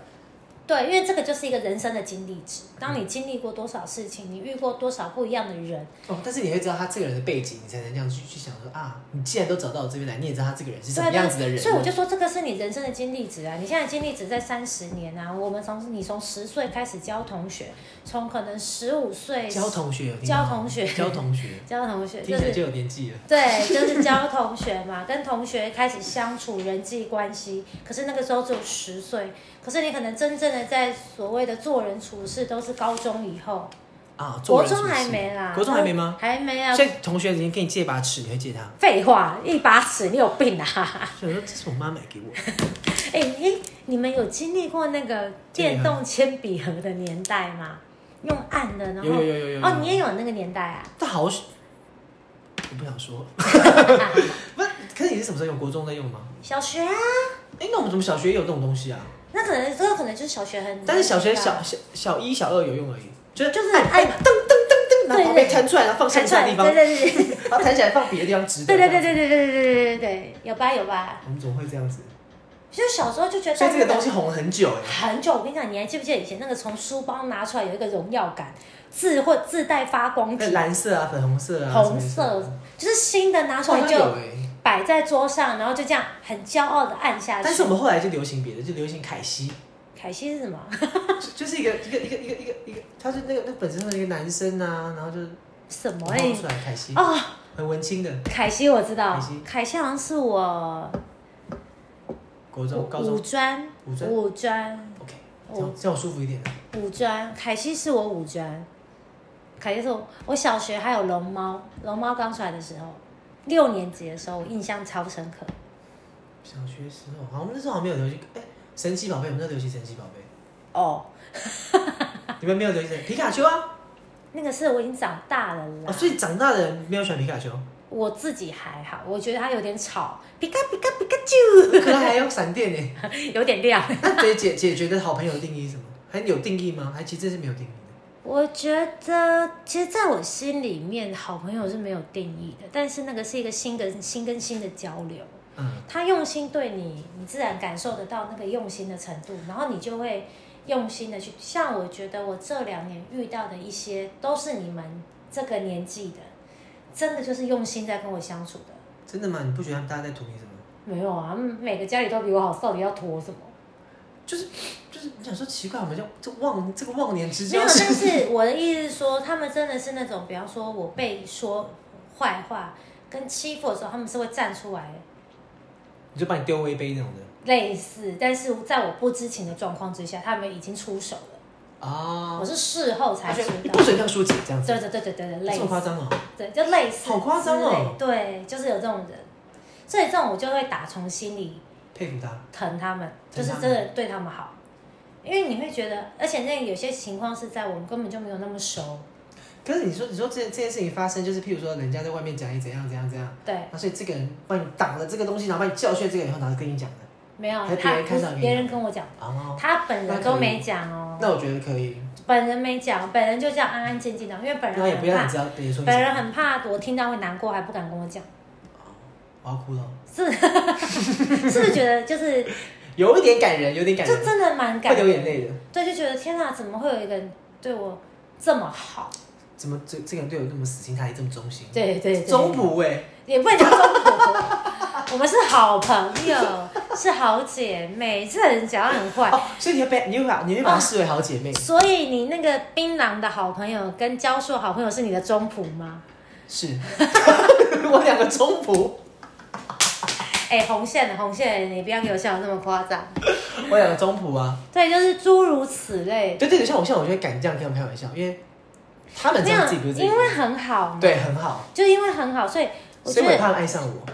對，因為這個就是一個人生的經歷值。當你經歷過多少事情，你遇過多少不一樣的人、嗯、哦，但是你會知道他這個人的背景，你才能這樣去去想說啊，你既然都找到我這邊來，你也知道他這個人是怎麼樣子的人的。所以我就說，這個是你人生的經歷值啊！你現在經歷值在三十年啊。我們從你從十歲開始交同學，從可能十五歲交同學，交同學，交同學，交同學，就是就有年紀了。就是、對，就是交同學嘛， 跟同學開始相處人際關係。可是那個時候只有十歲。可是你可能真正的在所謂的做人處事都是高中以後啊，做國中還沒啦，國中還沒，中還沒嗎？還沒有、啊。所以同學已經給你借把尺，你會借他？廢話，一把尺你有病啊！所以說這是我媽買給我。哎 哎、欸，你們有經歷過那個電動鉛筆盒的年代嗎、啊？用暗的，然後有有有有，有，有，有哦，你也有那個年代啊？他好，我不想說。 可是你是什麼時候用？國中在用嗎？小學啊。哎、欸，那我們怎麼小學也有這種東西啊？那可能這個可能就是小學很，但是小學小小小一小二有用而已，就是就是哎，噔噔噔噔，對對對，然後被彈出來，然後放其他地方，對對對，它彈起來放別的地方直，對對對對對對對對有吧有吧。我們總會這樣子，就小時候就覺得但，所以這個東西紅了很久、欸、很久。我跟你講，你還記不記得以前那個從書包拿出來有一個榮耀感，自或自帶發光體，藍色啊，粉紅色啊，紅色，啊、就是新的拿出來就。啊擺在桌上，然後就這樣很驕傲的按下去。但是我們後來就流行別的，就流行凱西。凱西是什麼？ 就，就是一個一個一個一個一個一個，他是那個那本身是一個男生吶、啊，然後就是什麼哎、欸，出凱西哦，很文青的。凱西我知道，凱西，西好像是我國中、高中、五專、五專。OK，這樣這樣舒服一點。五專凱西是我五專，凱西是我我小學還有龍貓，龍貓剛出來的時候。六年級的時候，我印象超深刻。小學時候，啊，我們那時候還沒有流行，哎、欸，神奇寶貝，我們那流行神奇寶貝。哦、oh. 你們沒有流行皮卡丘啊？那個是我已經長大了、哦、所以長大的人沒有選皮卡丘。我自己還好，我覺得他有點吵，皮 卡皮卡皮卡丘，可能還有閃電呢， 有點亮。那姐姐姐覺得好朋友定義是什麼？還有定義嗎？還其實這是沒有定義。我覺得，其實在我心裡面，好朋友是沒有定義的。但是那個是一個心跟心跟心的交流。嗯，他用心對你，你自然感受得到那個用心的程度，然後你就會用心的去。像我覺得我這兩年遇到的一些，都是你們這個年紀的，真的就是用心在跟我相處的。真的嗎？你不覺得大家在圖你什麼？沒有啊，每個家裡都比我好，到底要圖我什麼？就是就是，你想說奇怪，什麼叫這忘這個忘年之交？沒有，但是我的意思是說，他們真的是那種，比方說我被說壞話跟欺負的時候，他們是會站出來。你就把你丟一杯那種的。類似，但是在我不知情的狀況之下，他們已經出手了。啊，我是事後才知道。啊、不准這樣說起，這樣子。對對對對對對，這麼誇張、啊、哦。對，就類似類。好誇張哦。對，就是有這種人，所以這種我就會打從心裡。佩服他、啊，疼他們，就是真的對他們好，因為你會覺得，而且那有些情況是在我們根本就沒有那麼熟。可是你說，你說這這件事情發生，就是譬如說，人家在外面講你怎樣怎樣怎樣，對，那、啊、所以這個人幫你擋了這個東西，然後幫你教訓這個以後，他是跟你講的，沒有，別人看到你他別人跟我講，uh -oh, 他本人都沒講哦、喔。那我覺得可以。本人沒講，本人就這樣安安靜靜的，因為本人很說本人很怕我聽到會難過，還不敢跟我講。好哭了，哦，是是不 是覺得就是 有一點感人，有點感人，就真的蠻感人。會流眼淚的。對，就覺得天哪，啊，怎麼會有一個人對我這麼好？怎麼這這個人對我那麼死心塌地，也這麼忠心？對對，忠僕哎，也不會講忠僕， 我們是好朋友， 是好姐妹，是很講很壞。所以你要把你要把你要把他視為好姐妹。啊，所以你那個檳榔的好朋友跟教授好朋友是你的忠僕嗎？是， 我兩個忠僕。哎、欸，紅線的紅線，你不要給我笑的那麼誇張。 我有個中譜啊。對，就是諸如此類。對對對，像我，像我，我覺得敢這樣跟我開玩笑，因為他們這樣自己不是自己因為很好，對，很好，就因為很好，所以我覺得我怕愛上我。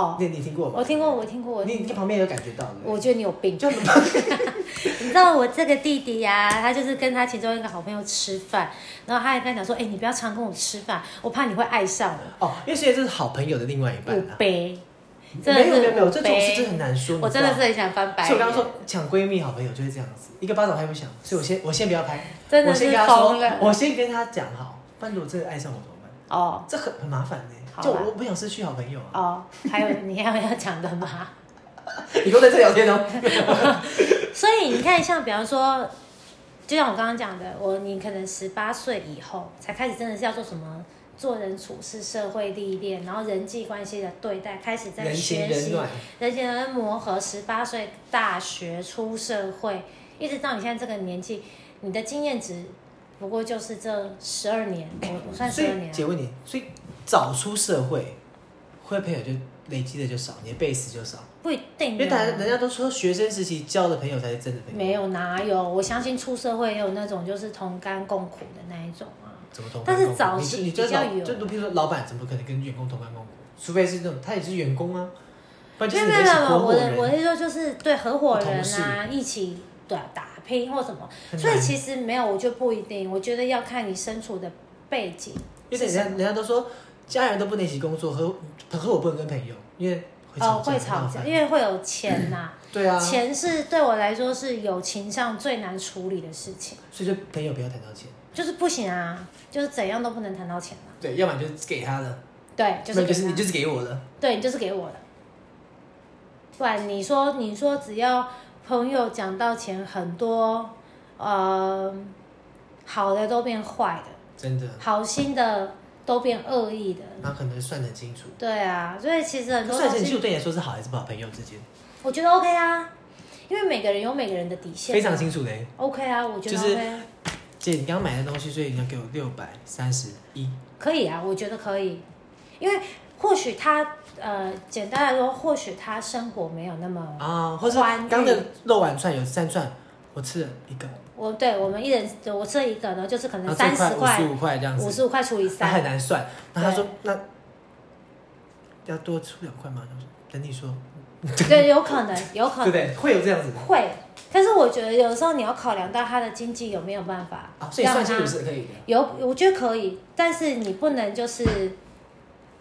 哦，你你聽過嗎？我聽過，我聽過。你你旁邊有感覺到對不對？我覺得你有病。 你知道我這個弟弟呀、啊，他就是跟他其中一個好朋友吃飯，然後他還跟他講說：“哎、欸，你不要常跟我吃飯，我怕你會愛上我。”哦，因為現在這在就是好朋友的另外一半了、啊。沒有沒有沒有，這種事真很難說。我真的是很想翻白眼。就我剛剛說搶閨蜜好朋友就是這樣子，一個巴掌拍不響。所以我先我先不要拍，真的是跟他說，我先跟他講哈，萬一我真的愛上我怎麼辦？哦，這很很麻煩呢、欸。就我不想失去好朋友啊。哦，還有你要要講的嗎？你 都在這聊天哦。所以你看，像比方說，就像我剛剛講的，我你可能十八歲以後才開始，真的是要做什麼？做人處事、社會歷練，然後人際關係的對待，開始在學習、人情人暖，人情人磨合。十八歲大學出社會，一直到你現在這個年紀，你的經驗值，不過就是這十二年，我，我算十二年。姐問你，所以早出社會，會朋友就累積的就少，你的 base 就少。不一定啊，因為大家人家都說學生時期交的朋友才是真的朋友。沒有，哪有，我相信出社會也有那種就是同甘共苦的那一種。怎麼同但是，早期你就，你要有，就比如說，老板怎麼可能跟員工同甘共苦？除非是這種他也是員工啊，不然就是合夥人。我的我意思是說，就是對合夥人啊，一起打,打拼或什麼。所以其實沒有，我就不一定。我覺得要看你身處的背景。因為人家人家都說，家人都不能一起工作，和和我不能跟朋友，因為會吵架，呃、吵架因為會有錢吶、啊嗯。對啊，錢是對我來說是友情上最難處理的事情。所以就朋友不要談到錢。就是不行啊！就是怎樣都不能談到錢了啊。對，要不然就是給他的。對，就是。就是你就是給我的。對，你就是給我的。不然你說，你說，只要朋友講到錢，很多呃，好的都變壞的，真的，好心的都變惡意的，那可能算得清楚。對啊，所以其實很多是算得清楚，對你說是好還是不好，朋友之間，我覺得 OK 啊，因為每個人有每個人的底線啊，非常清楚的欸。OK 啊，我覺得 OK 啊。就是姐，你剛買的東西，所以你要給我六百三十一。可以啊，我覺得可以，因為或許他呃，簡單來說，或許他生活沒有那麼啊，或者剛，剛的肉丸串有三串，我吃了一個。我對我們一人我吃了一個，然後就是可能三十塊、五十五塊這樣子，五十五塊除以三，啊、很難算。那他說那要多出兩塊嗎？等你說，對，有可能，有可能。 對，會有這樣子會。但是我覺得有時候你要考量到他的經濟有沒有辦法啊，所以算清楚是可以的。有，我覺得可以，但是你不能就是，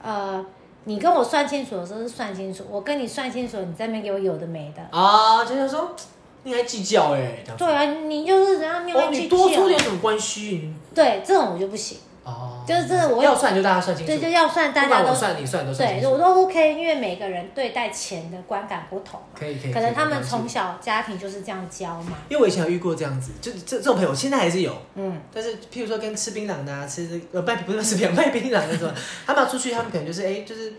呃，你跟我算清楚的時候是算清楚，我跟你算清楚，你在那邊給我有的沒的啊，就是說你還計較哎、欸，對啊，你就是人家沒有去、哦、你多出點什麼關係？對，這種我就不行。哦，就是我要算就大家算清楚，對，就要算大家都我算，你算，都算，對，我都 OK，因為每個人對待錢的觀感不同嘛，可以可以，可能他們從小家庭就是這樣教嘛。因為我以前有遇過這樣子，就這這種朋友，現在還是有，嗯，但是譬如說跟吃檳榔的啊，吃呃賣不是吃檳、嗯、賣檳榔的時候， 他們要出去，他們可能就是哎，就是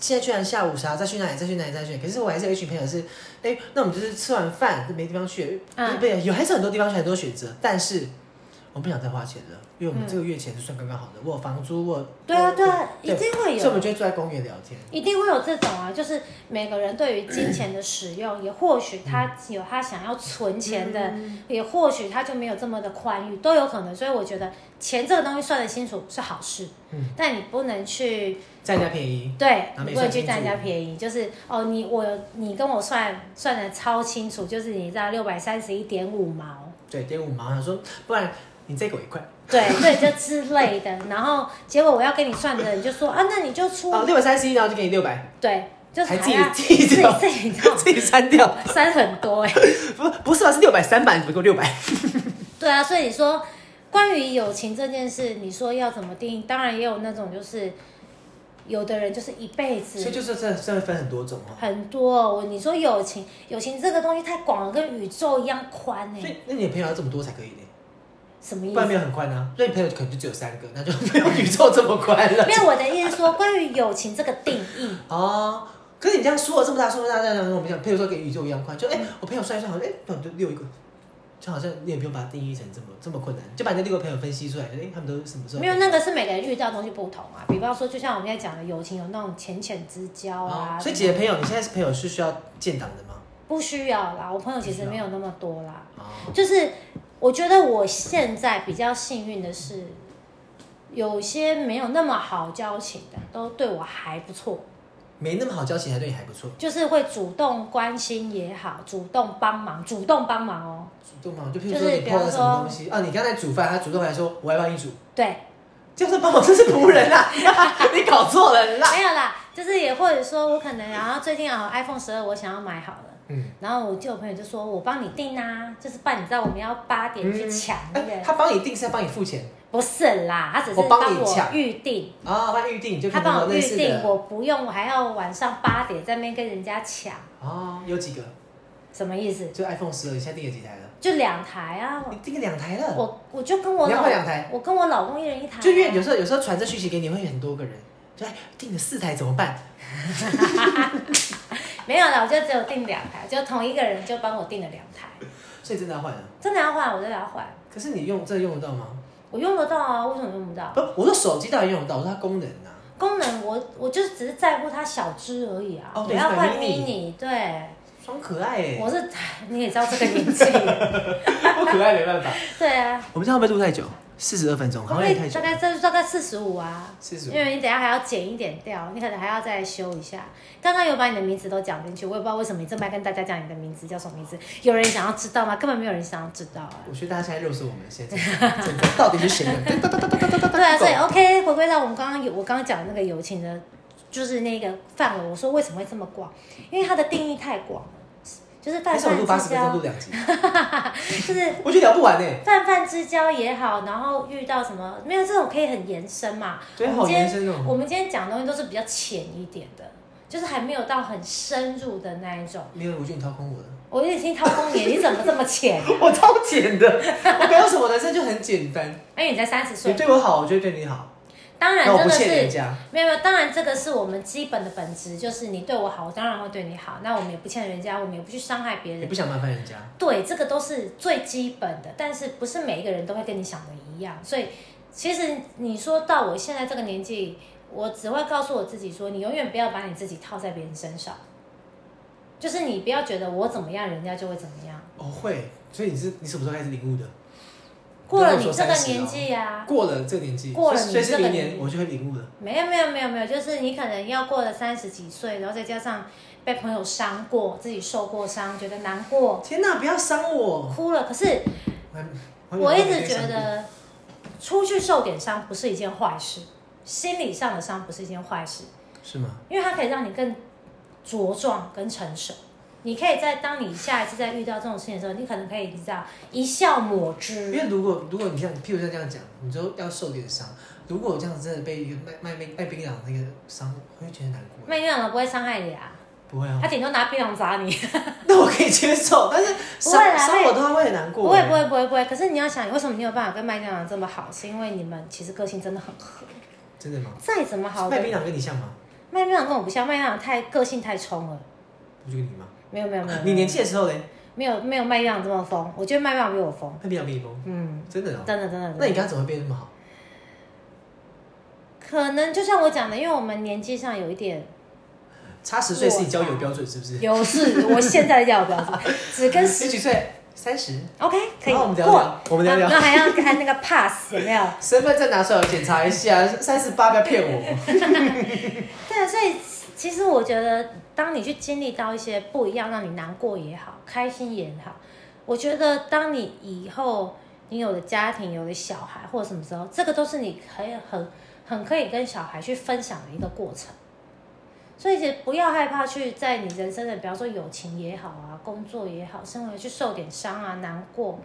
現在去完下午茶再去哪裡再去哪裡再去哪裡，可是我還是有一群朋友是，哎，那我們就是吃完飯就沒地方去，嗯，對，有還是很多地方去很多選擇，但是。我不想再花錢了，因為我們這個月錢是算剛剛好的，嗯、我有房租，我有對啊對啊對，一定會有，所以我們就坐在公園聊天。一定會有這種啊，就是每個人對於金錢的使用，嗯、也或許他有他想要存錢的，嗯、也或許他就沒有這麼的寬裕，嗯，都有可能。所以我覺得錢這個東西算得清楚是好事，嗯、但你不能去占人家便宜，對，你你不會去占人家便宜，就是哦，你我你跟我算算得超清楚，就是你知道六百三十一點五毛，對，點五毛，想說不然。你再給我一塊，對，對，就之類的。然後結果我要給你算的，你就說啊，那你就出哦六百三十一，630C, 然後就給你六百。對，就是還要自己自己，自己，自，己自己刪掉，刪很多哎、欸，不不是啊，是六百三百，怎麼給我六百？對啊，所以你說關於友情這件事，你說要怎麼定義？當然也有那種就是有的人就是一輩子，所以就是這這樣分很多種哦，很多、哦。我你說友情，友情這個東西太廣了，跟宇宙一樣寬哎、欸。所以那你的朋友要這麼多才可以呢？什麼？意思？沒有很快呢、啊，所以你朋友可能就只有三個，那就沒有宇宙這麼快了。 沒有我的意思是說，關於友情這個定義 哦，可是你這樣說了這麼大，說這麼大，那我們想譬如說跟宇宙一樣快，就哎、欸，我朋友算一算，好像哎，就六個，就好像你也不用把它定義成這麼這麼困難，就把你的六個朋友分析出來，哎、欸，他們都什麼時候？沒有那個是每個人遇到的東西不同啊。比方說，就像我們現在講的友情，有那種淺淺之交啊。哦、所以，幾個朋友，你現在是朋友是需要建檔的嗎？不需要啦，我朋友其實沒有那麼多啦，就是。我覺得我現在比較幸運的是，有些沒有那麼好交情的，都對我還不錯。沒那麼好交情還對你還不錯，就是會主動關心也好，主動幫忙，主動幫忙哦。主動幫忙，就譬如說，比如說什麼東西、就是、啊，你剛才煮飯，他主動來說，我來幫你煮。對，就是幫忙，這是僕人啦、啊， 你搞錯了人，啦、啊。沒有啦，就是也或者說，我可能然後最近啊，iPhone 十二我想要買好了。嗯、然後我就有朋友就說，我幫你訂啊，就是辦，你知道我們要八點去搶、嗯欸、他幫你訂是要幫你付錢？不是啦，他只是幫我預定啊，他、哦、預定就他幫我預定，我不用，我還要晚上八點在那邊跟人家搶。哦，有幾個？什麼意思？就 iPhone 十二，你現在訂了幾台了？就兩台啊，你訂了兩台了。我我就跟我兩兩台，我跟我老公一人一台、啊。就因為有時候有時候傳這訊息給你會有很多個人，就哎，訂了四台怎麼辦？ 沒有了，我就只有訂兩台，就同一個人就幫我訂了兩台，所以真的要換啊！真的要換，我真的要換。可是你用，這個、用得到嗎？我用得到啊，為什麼用不到？不，我說手機當然用得到，我說它功能啊。功能我，我我就是只是在乎它小只而已啊，哦、對，我要換 mini，對，超可愛哎！我是你也知道這個年紀， 不可愛沒辦法。對啊，我們這樣會不會錄太久？四十二分鐘，好像也太久。大概這大概四十五啊，因為你等下還要剪一點掉，你可能還要再修一下。剛剛有把你的名字都講進去，我也不知道為什麼你這麼愛跟大家講你的名字叫什麼名字？有人想要知道嗎？根本沒有人想要知道、啊。我覺得大家現在認識我們，現在 到底是誰？ 對啊，所以 OK，回歸到我們剛剛有我剛剛講的那個友情的，就是那個範圍，我說為什麼會這麼廣？因為它的定義太廣。就是泛泛之交，錄80分鐘錄兩集？哈哈哈哈哈，就是 我覺得聊不完欸。泛泛之交也好，然後遇到什麼沒有這種可以很延伸嘛？對，我們今天好延伸，哦、我們今天講的東西都是比較淺一點的，就是還沒有到很深入的那一種。沒有，我你我已經掏空我的，我有點心掏空你，你怎麼這麼淺啊？ 我超淺的，我沒有什麼的，這就很簡單。哎， 你才三十歲，你對我好，我就對你好。當然真的是，那我不欠人家。沒有沒有，當然這個是我們基本的本質，就是你對我好，我當然會對你好。那我們也不欠人家，我們也不去傷害別人，也不想麻煩人家。對，這個都是最基本的，但是不是每一個人都會跟你想的一樣。所以其實你說到我現在這個年紀，我只會告訴我自己說，你永遠不要把你自己套在別人身上，就是你不要覺得我怎麼樣，人家就會怎麼樣。哦，會。所以你是你什麼時候開始領悟的？過了你這個年紀呀、啊哦，過了這個年紀，過了你這個年紀，年我就會領悟了。沒有沒有沒有沒有，就是你可能要過了三十幾歲，然後再加上被朋友傷過，自己受過傷，覺得難過。天哪、啊，不要傷我！哭了。可是我，我，OK, 我一直覺得，出去受點傷不是一件壞事，心理上的傷不是一件壞事，是嗎？因為它可以讓你更茁壯跟成熟。你可以在當你下一次再遇到這種事情的時候，你可能可以你知道一笑抹之，嗯。因為如果如果你像，譬如像這樣講，你就要受點傷。如果這樣子真的被賣賣賣冰糖那個傷，會覺得難過。賣冰糖不會傷害你啊。不會啊，他頂多拿冰糖砸你。 那我可以接受，但是傷傷我的話會很難過。不會不會不會不會。可是你要想，為什麼你有辦法跟賣冰糖這麼好？是因為你們其實個性真的很合。真的嗎？再怎麼好。賣冰糖跟你像嗎？賣冰糖跟我不像，賣冰糖太個性太衝了。不就你嗎？沒有沒有沒有、啊，你年輕的時候嘞？沒有沒有麥院長這麼瘋，我覺得麥院長比我瘋。麥比較比你瘋。嗯真、啊，真的真的真的。那你剛才怎麼會變這麼好？可能就像我講的，因為我們年紀上有一點差十歲，是你交友標準，是不是？有是，我現在要的交友標準 只跟十幾歲三十。30? OK，可以。好我，我們聊聊，然後還要看那個 pass 有沒有？身份證拿出來檢查一下，三十八不要騙我。 對，所以其實我覺得。當你去經歷到一些不一樣，讓你難過也好，開心也好，我覺得當你以後你有的家庭，有的小孩或者什麼時候，這個都是你可以很很可以跟小孩去分享的一個過程。所以，其實不要害怕去在你人生的，比方說友情也好啊，工作也好，生活去受點傷啊，難過，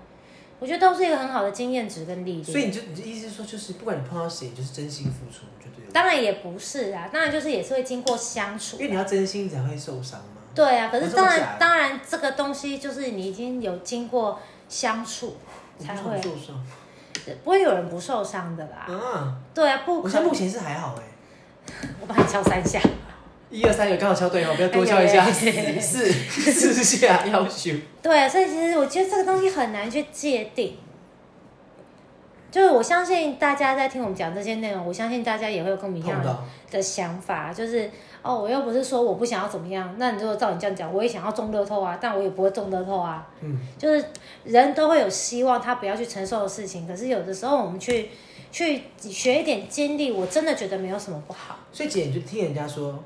我覺得都是一個很好的經驗值跟歷練。所以你，你就你的意思是說，就是不管你碰到誰，就是真心付出，我覺得。當然也不是啊，當然就是也是會經過相處。因為你要真心才會受傷嘛。對啊，可是當然當然這個東西就是你已經有經過相處才會受傷，不會有人不受傷的啦。嗯、啊，對啊，不。我現在目前是還好哎、欸。 我幫你敲三下，一二三，有剛好敲對嘛，不要多敲一下，哎哎哎哎四四下要求。對、啊，所以其實我覺得這個東西很難去界定。就是我相信大家在聽我們講這些內容，我相信大家也會有跟我們一樣的想法。就是哦，我又不是說我不想要怎麼樣。那你如果照你這樣講，我也想要中樂透啊，但我也不會中樂透啊。嗯，就是人都會有希望他不要去承受的事情。可是有的時候我們去去學一點經歷，我真的覺得沒有什麼不好。所以姐你就聽人家說，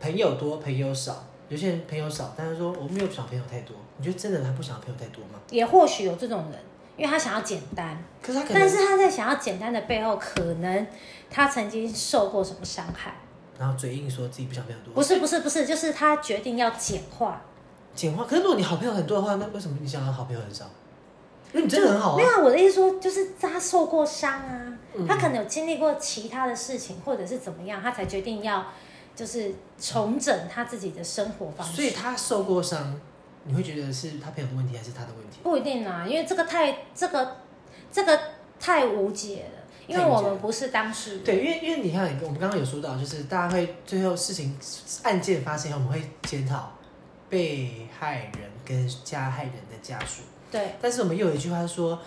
朋友多，朋友少。有些人朋友少，但是說我沒有想朋友太多。你覺得真的他不想要朋友太多嗎？也或許有這種人。因為他想要簡單，可是他可，但是他在想要簡單的背後，可能他曾經受過什麼傷害，然後嘴硬說自己不想變多。不是不是不是，就是他決定要簡化，簡化。可是如果你好朋友很多的話，那為什麼你想要好朋友很少？因為你真的很好啊。沒有，那個，我的意思說，就是他受過傷啊、嗯，他可能有經歷過其他的事情，或者是怎麼樣，他才決定要就是重整他自己的生活方式。所以他受過傷。你會覺得是他朋友的問題，還是他的問題？不一定啊，因為這個太這個這個太無解了。因為我們不是當事人。對，因為因為你看，我們剛剛有說到，就是大家會最後事情案件發生後，我們會檢討被害人跟加害人的家屬。對，但是我們又有一句話說，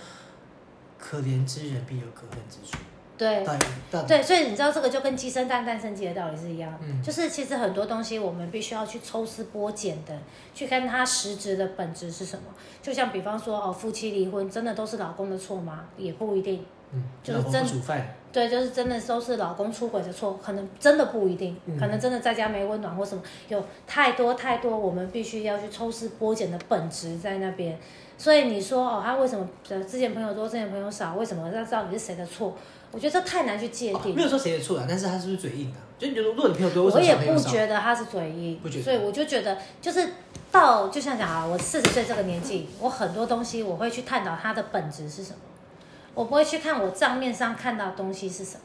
可憐之人必有可恨之處。對,對,對,對，對，所以你知道這個就跟雞生蛋，蛋生雞的道理是一樣，嗯，就是其實很多東西我們必須要去抽絲剝繭的去看他實質的本質是什麼。就像比方說哦，夫妻離婚真的都是老公的錯嗎？也不一定，嗯，就是真主犯，對，就是真的是都是老公出軌的錯，可能真的不一定，嗯，可能真的在家沒溫暖或什麼，有太多太多我們必須要去抽絲剝繭的本質在那邊。所以你說哦，他為什麼之前朋友多，之前朋友少？為什麼？那到底是誰的錯？我覺得這太難去界定了，哦，沒有說誰的錯啊，但是他是不是嘴硬啊？就你覺得，如果你朋友對我，我也不覺得他是嘴硬，不覺得，所以我就覺得，就是到就像講啊，我四十歲這個年紀，我很多東西我會去探討它的本質是什麼，我不會去看我賬面上看到的東西是什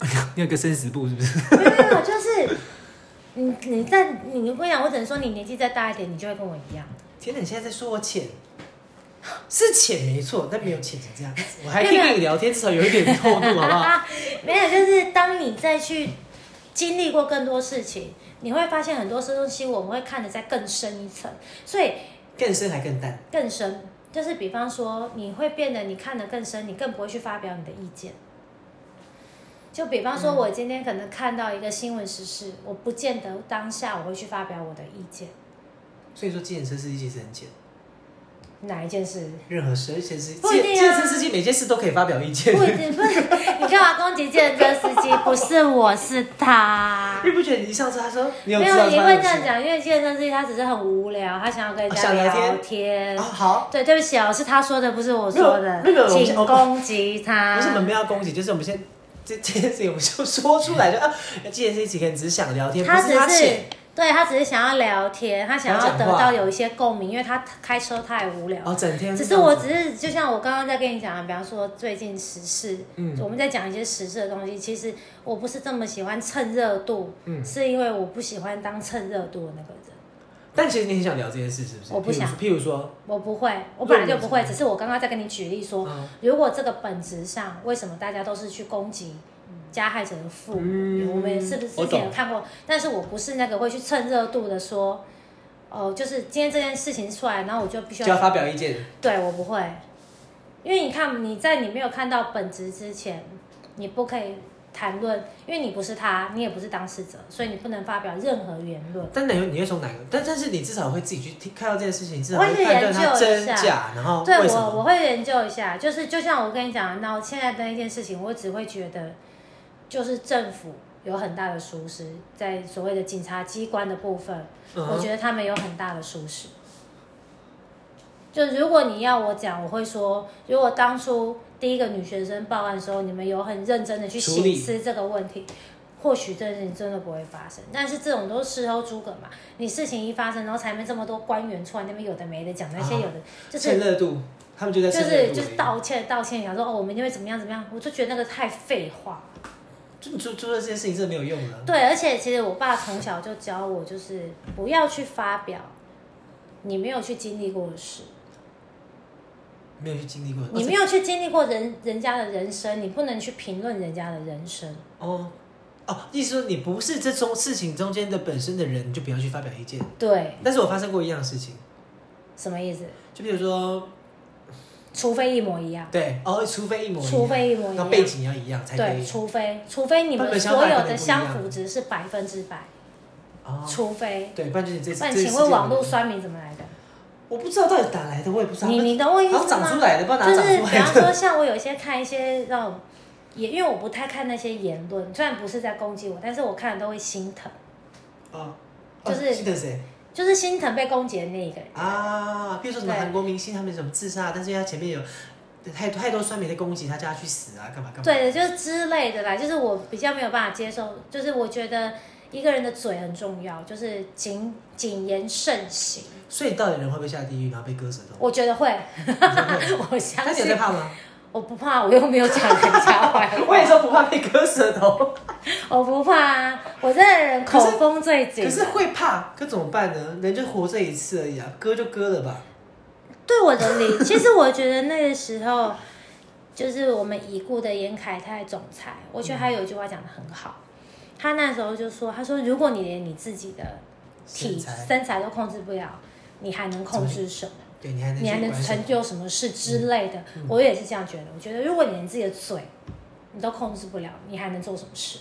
麼。啊，你有個生死簿是不是？沒有，沒有，就是你你在你跟我講，我只能說你年紀再大一點，你就會跟我一樣。天哪，你現在在說我淺？是淺沒錯，但沒有淺成這樣子。我還跟你聊天，至 少有一點透露，好不好？ 沒有，就是當你再去經歷過更多事情，你會發現很多東西我們會看得再更深一層。所以更深還更淡？更深，就是比方說你會變得你看得更深，你更不會去發表你的意見。就比方說，我今天可能看到一個新聞時事、嗯，我不見得當下我會去發表我的意見。所以說，今年時事意識是很淺。哪一件事？任何事，而且是不一定、啊。健身司機每件事都可以發表意見。不，不是，你幹嘛攻擊健身司機不是我，是他。你 不覺得你上次他說你事，沒有，你會這樣講，因為健身司機他只是很無聊，他想要跟大家聊天、啊天啊。好。對，對不起，哦，是他說的，不是我說的。那個哦、請攻擊他。為什麼不要攻擊，就是我們先這這件事，我們就說出來就，就、嗯、啊，健身司機可能只是想聊天，他只是。對，他只是想要聊天，他想要得到有一些共鳴，因為他開車太無聊。哦，整天。只是我只是、嗯、就像我剛剛在跟你講，比方說最近時事，嗯，我們在講一些時事的東西。其實我不是這麼喜歡蹭熱度、嗯，是因為我不喜歡當蹭熱度、嗯、度的那個人。但其實你很想聊這件事，是不是？我不想譬。譬如說，我不會，我本來就不會。只是我剛剛在跟你舉例說，哦、如果這個本質上，為什麼大家都是去攻擊？加害者的父，嗯，我們是不是之前有看過？但是我不是那個會去蹭熱度的，說，哦，呃，就是今天這件事情出來，然後我就必須要，就要發表意見。對，我不會，因為你看你在你沒有看到本質之前，你不可以談論，因為你不是他，你也不是當事者，所以你不能發表任何言論。但哪個你會從哪個？但但是你至少會自己去聽看到這件事情，至少會判斷真假。然後對我，我會研究一下，就是就像我跟你講，然後現在那一件事情，我只會覺得。就是政府有很大的疏失，在所謂的警察機關的部分，uh -huh. 我覺得他們有很大的疏失。就如果你要我講，我會說，如果當初第一個女學生報案的時候，你們有很認真的去行思這個問題，或許這件事真的不會發生。但是這種都是事後諸葛嘛，你事情一發生，然後才沒這麼多官員出來那邊有的沒的講，那些有的、uh -huh. 就是，趁熱度，他們就在就是就是道歉道歉，然後說哦，我們因為怎麼樣怎麼樣，我就覺得那個太廢話。做做這些事情真的沒有用的。對，而且其實我爸從小就教我，就是不要去發表你沒有去經歷過的事，沒有去經歷過，你沒有去經歷過人、哦、人家的人生，你不能去評論人家的人生。哦，哦，意思說你不是這種事情中間的本身的人，你就不要去發表意見。對，但是我發生過一樣事情，什麼意思？就比如說。除非一模一樣，對，哦，除非一模一樣，除非一模一樣，要背景要一,一樣，對，才可以，除非除非你們所有的相符值是百分之百、哦，除非，對，不然就這次這次。請問網絡酸民怎麼來的，這這的？我不知道到底哪來的，我也不知道他們。你你的我意思嗎？然後長出來的，不然哪長出來的？就是比方說，像我有一些看一些那種，也因為我不太看那些言論，雖然不是在攻擊我，但是我看了都會心疼。啊、哦，就是、哦啊是就是心疼被攻擊的那一個。對對啊，比如說什麼韓國明星他們什麼自殺，但是因為他前面有太太多酸民的攻擊他，叫他去死啊，幹嘛幹嘛？對的，就是之類的啦。就是我比較沒有辦法接受，就是我覺得一個人的嘴很重要，就是謹謹言慎行。所以到底人會不會下地獄，然後被割舌頭？我覺得會， 才會 我相信。有在怕嗎？我不怕，我又沒有講人家壞 我跟你說不怕被割舌頭 我不怕、啊，我這人口風最緊。可是會怕，可怎麼辦呢？人就活這一次而已啊，割就割了吧。對我的理， 其實我覺得那個時候就是我們已故的嚴凱泰總裁，我覺得他有一句話講得很好、嗯，他那時候就說：“他說如果你連你自己的體身材，身材都控制不了，你還能控制什麼？”你還，能你還能成就什麼事之類的、嗯？我也是這樣覺得。我覺得如果你連自己的嘴，你都控制不了，你還能做什麼事？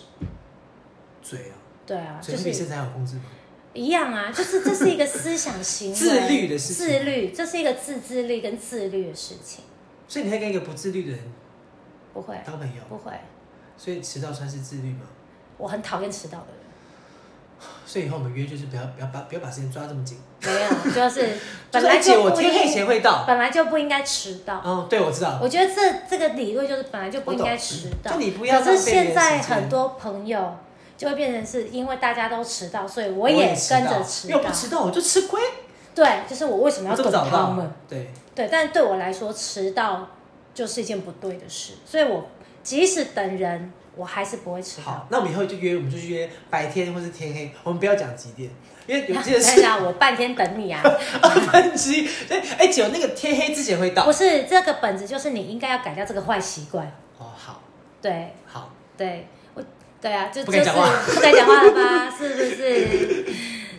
嘴啊？對啊，現在就是你身材有控制嗎？一樣啊，就是這是一個思想行為。 自律的事，自律，這是一個自自律跟自律的事情。所以你會跟一個不自律的人，不會都沒有。不會。所以遲到算是自律嗎？我很討厭遲到的人。所以以後我們約就是不要不要，不要把不要把時間抓這麼緊， 沒有，就是本來就不應該、就是、本來就不應該遲到。嗯、哦，對，我知道。我覺得這這個理論就是本來就不應該遲到，可是現在很多朋友就會變成是因為大家都遲到，所以我也跟着遲到。要不遲到我就吃虧。對，就是我為什麼要等他們？對對，但是對我來說遲到就是一件不對的事，所以我即使等人。我還是不會吃。好，那我們以後就約，我們就約白天或是天黑，我們不要講幾點，因為有些事啊一下，我半天等你啊，二分之一，哎哎姐，那個天黑之前會到。不是這個本子，就是你應該要改掉這個壞習慣。哦，好，對，好，對我，對啊，就不講話，就是不該講話了吧？ 是不是？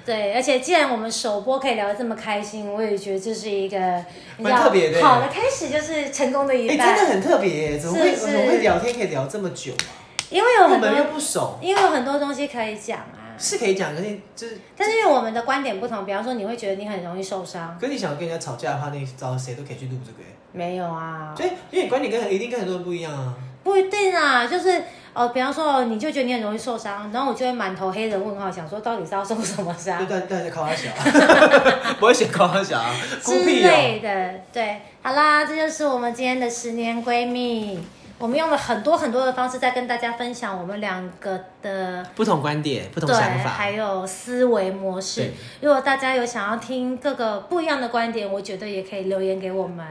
對，而且既然我們首播可以聊得這麼開心，我也覺得這是一個很特別的，好的開始就是成功的一半。欸，真的很特別，怎麼會是是怎麼會聊天可以聊這麼久啊？因為我們又不熟，因為有很多東西可以講啊。是可以講，可是就是，但是因為我們的觀點不同，比方說你會覺得你很容易受傷。跟你想跟人家吵架的話，你找誰都可以去錄這個。沒有啊。所以，因為你觀點跟一定跟很多人不一樣啊。不一定啊，就是哦，比方說你就覺得你很容易受傷，然後我就會滿頭黑的問號，想說到底是要受什麼傷？對對，考拉俠，不會寫考拉啊， 之類的，對。好啦，這就是我們今天的十年閨蜜。我們用了很多很多的方式在跟大家分享我們兩個的不同觀點、不同想法，還有思維模式。如果大家有想要聽各個不一樣的觀點，我覺得也可以留言給我們。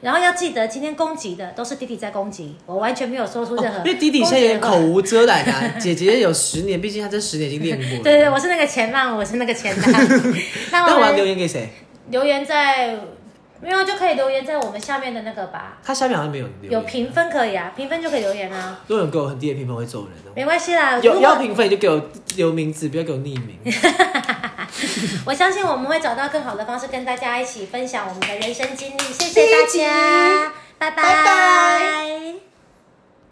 然後要記得，今天攻擊的都是弟弟在攻擊，我完全沒有說出任何、哦。因為弟弟現在也口無遮攔、啊、 姐姐有十年，畢竟她這十年已經練過。對，對對，我是那個前浪，我是那個前浪。 那我，我要留言給誰？留言在。沒有就可以留言在我們下面的那個吧。他下面好像沒有、啊，有評分可以啊，評分就可以留言啊。如果 給我很低的評分會走人的。沒關係啦，有要評分你就給我留名字，不要給我匿名。 我相信我們會找到更好的方式跟大家一起分享我們的人生經歷。謝謝大家，拜拜。拜拜拜拜。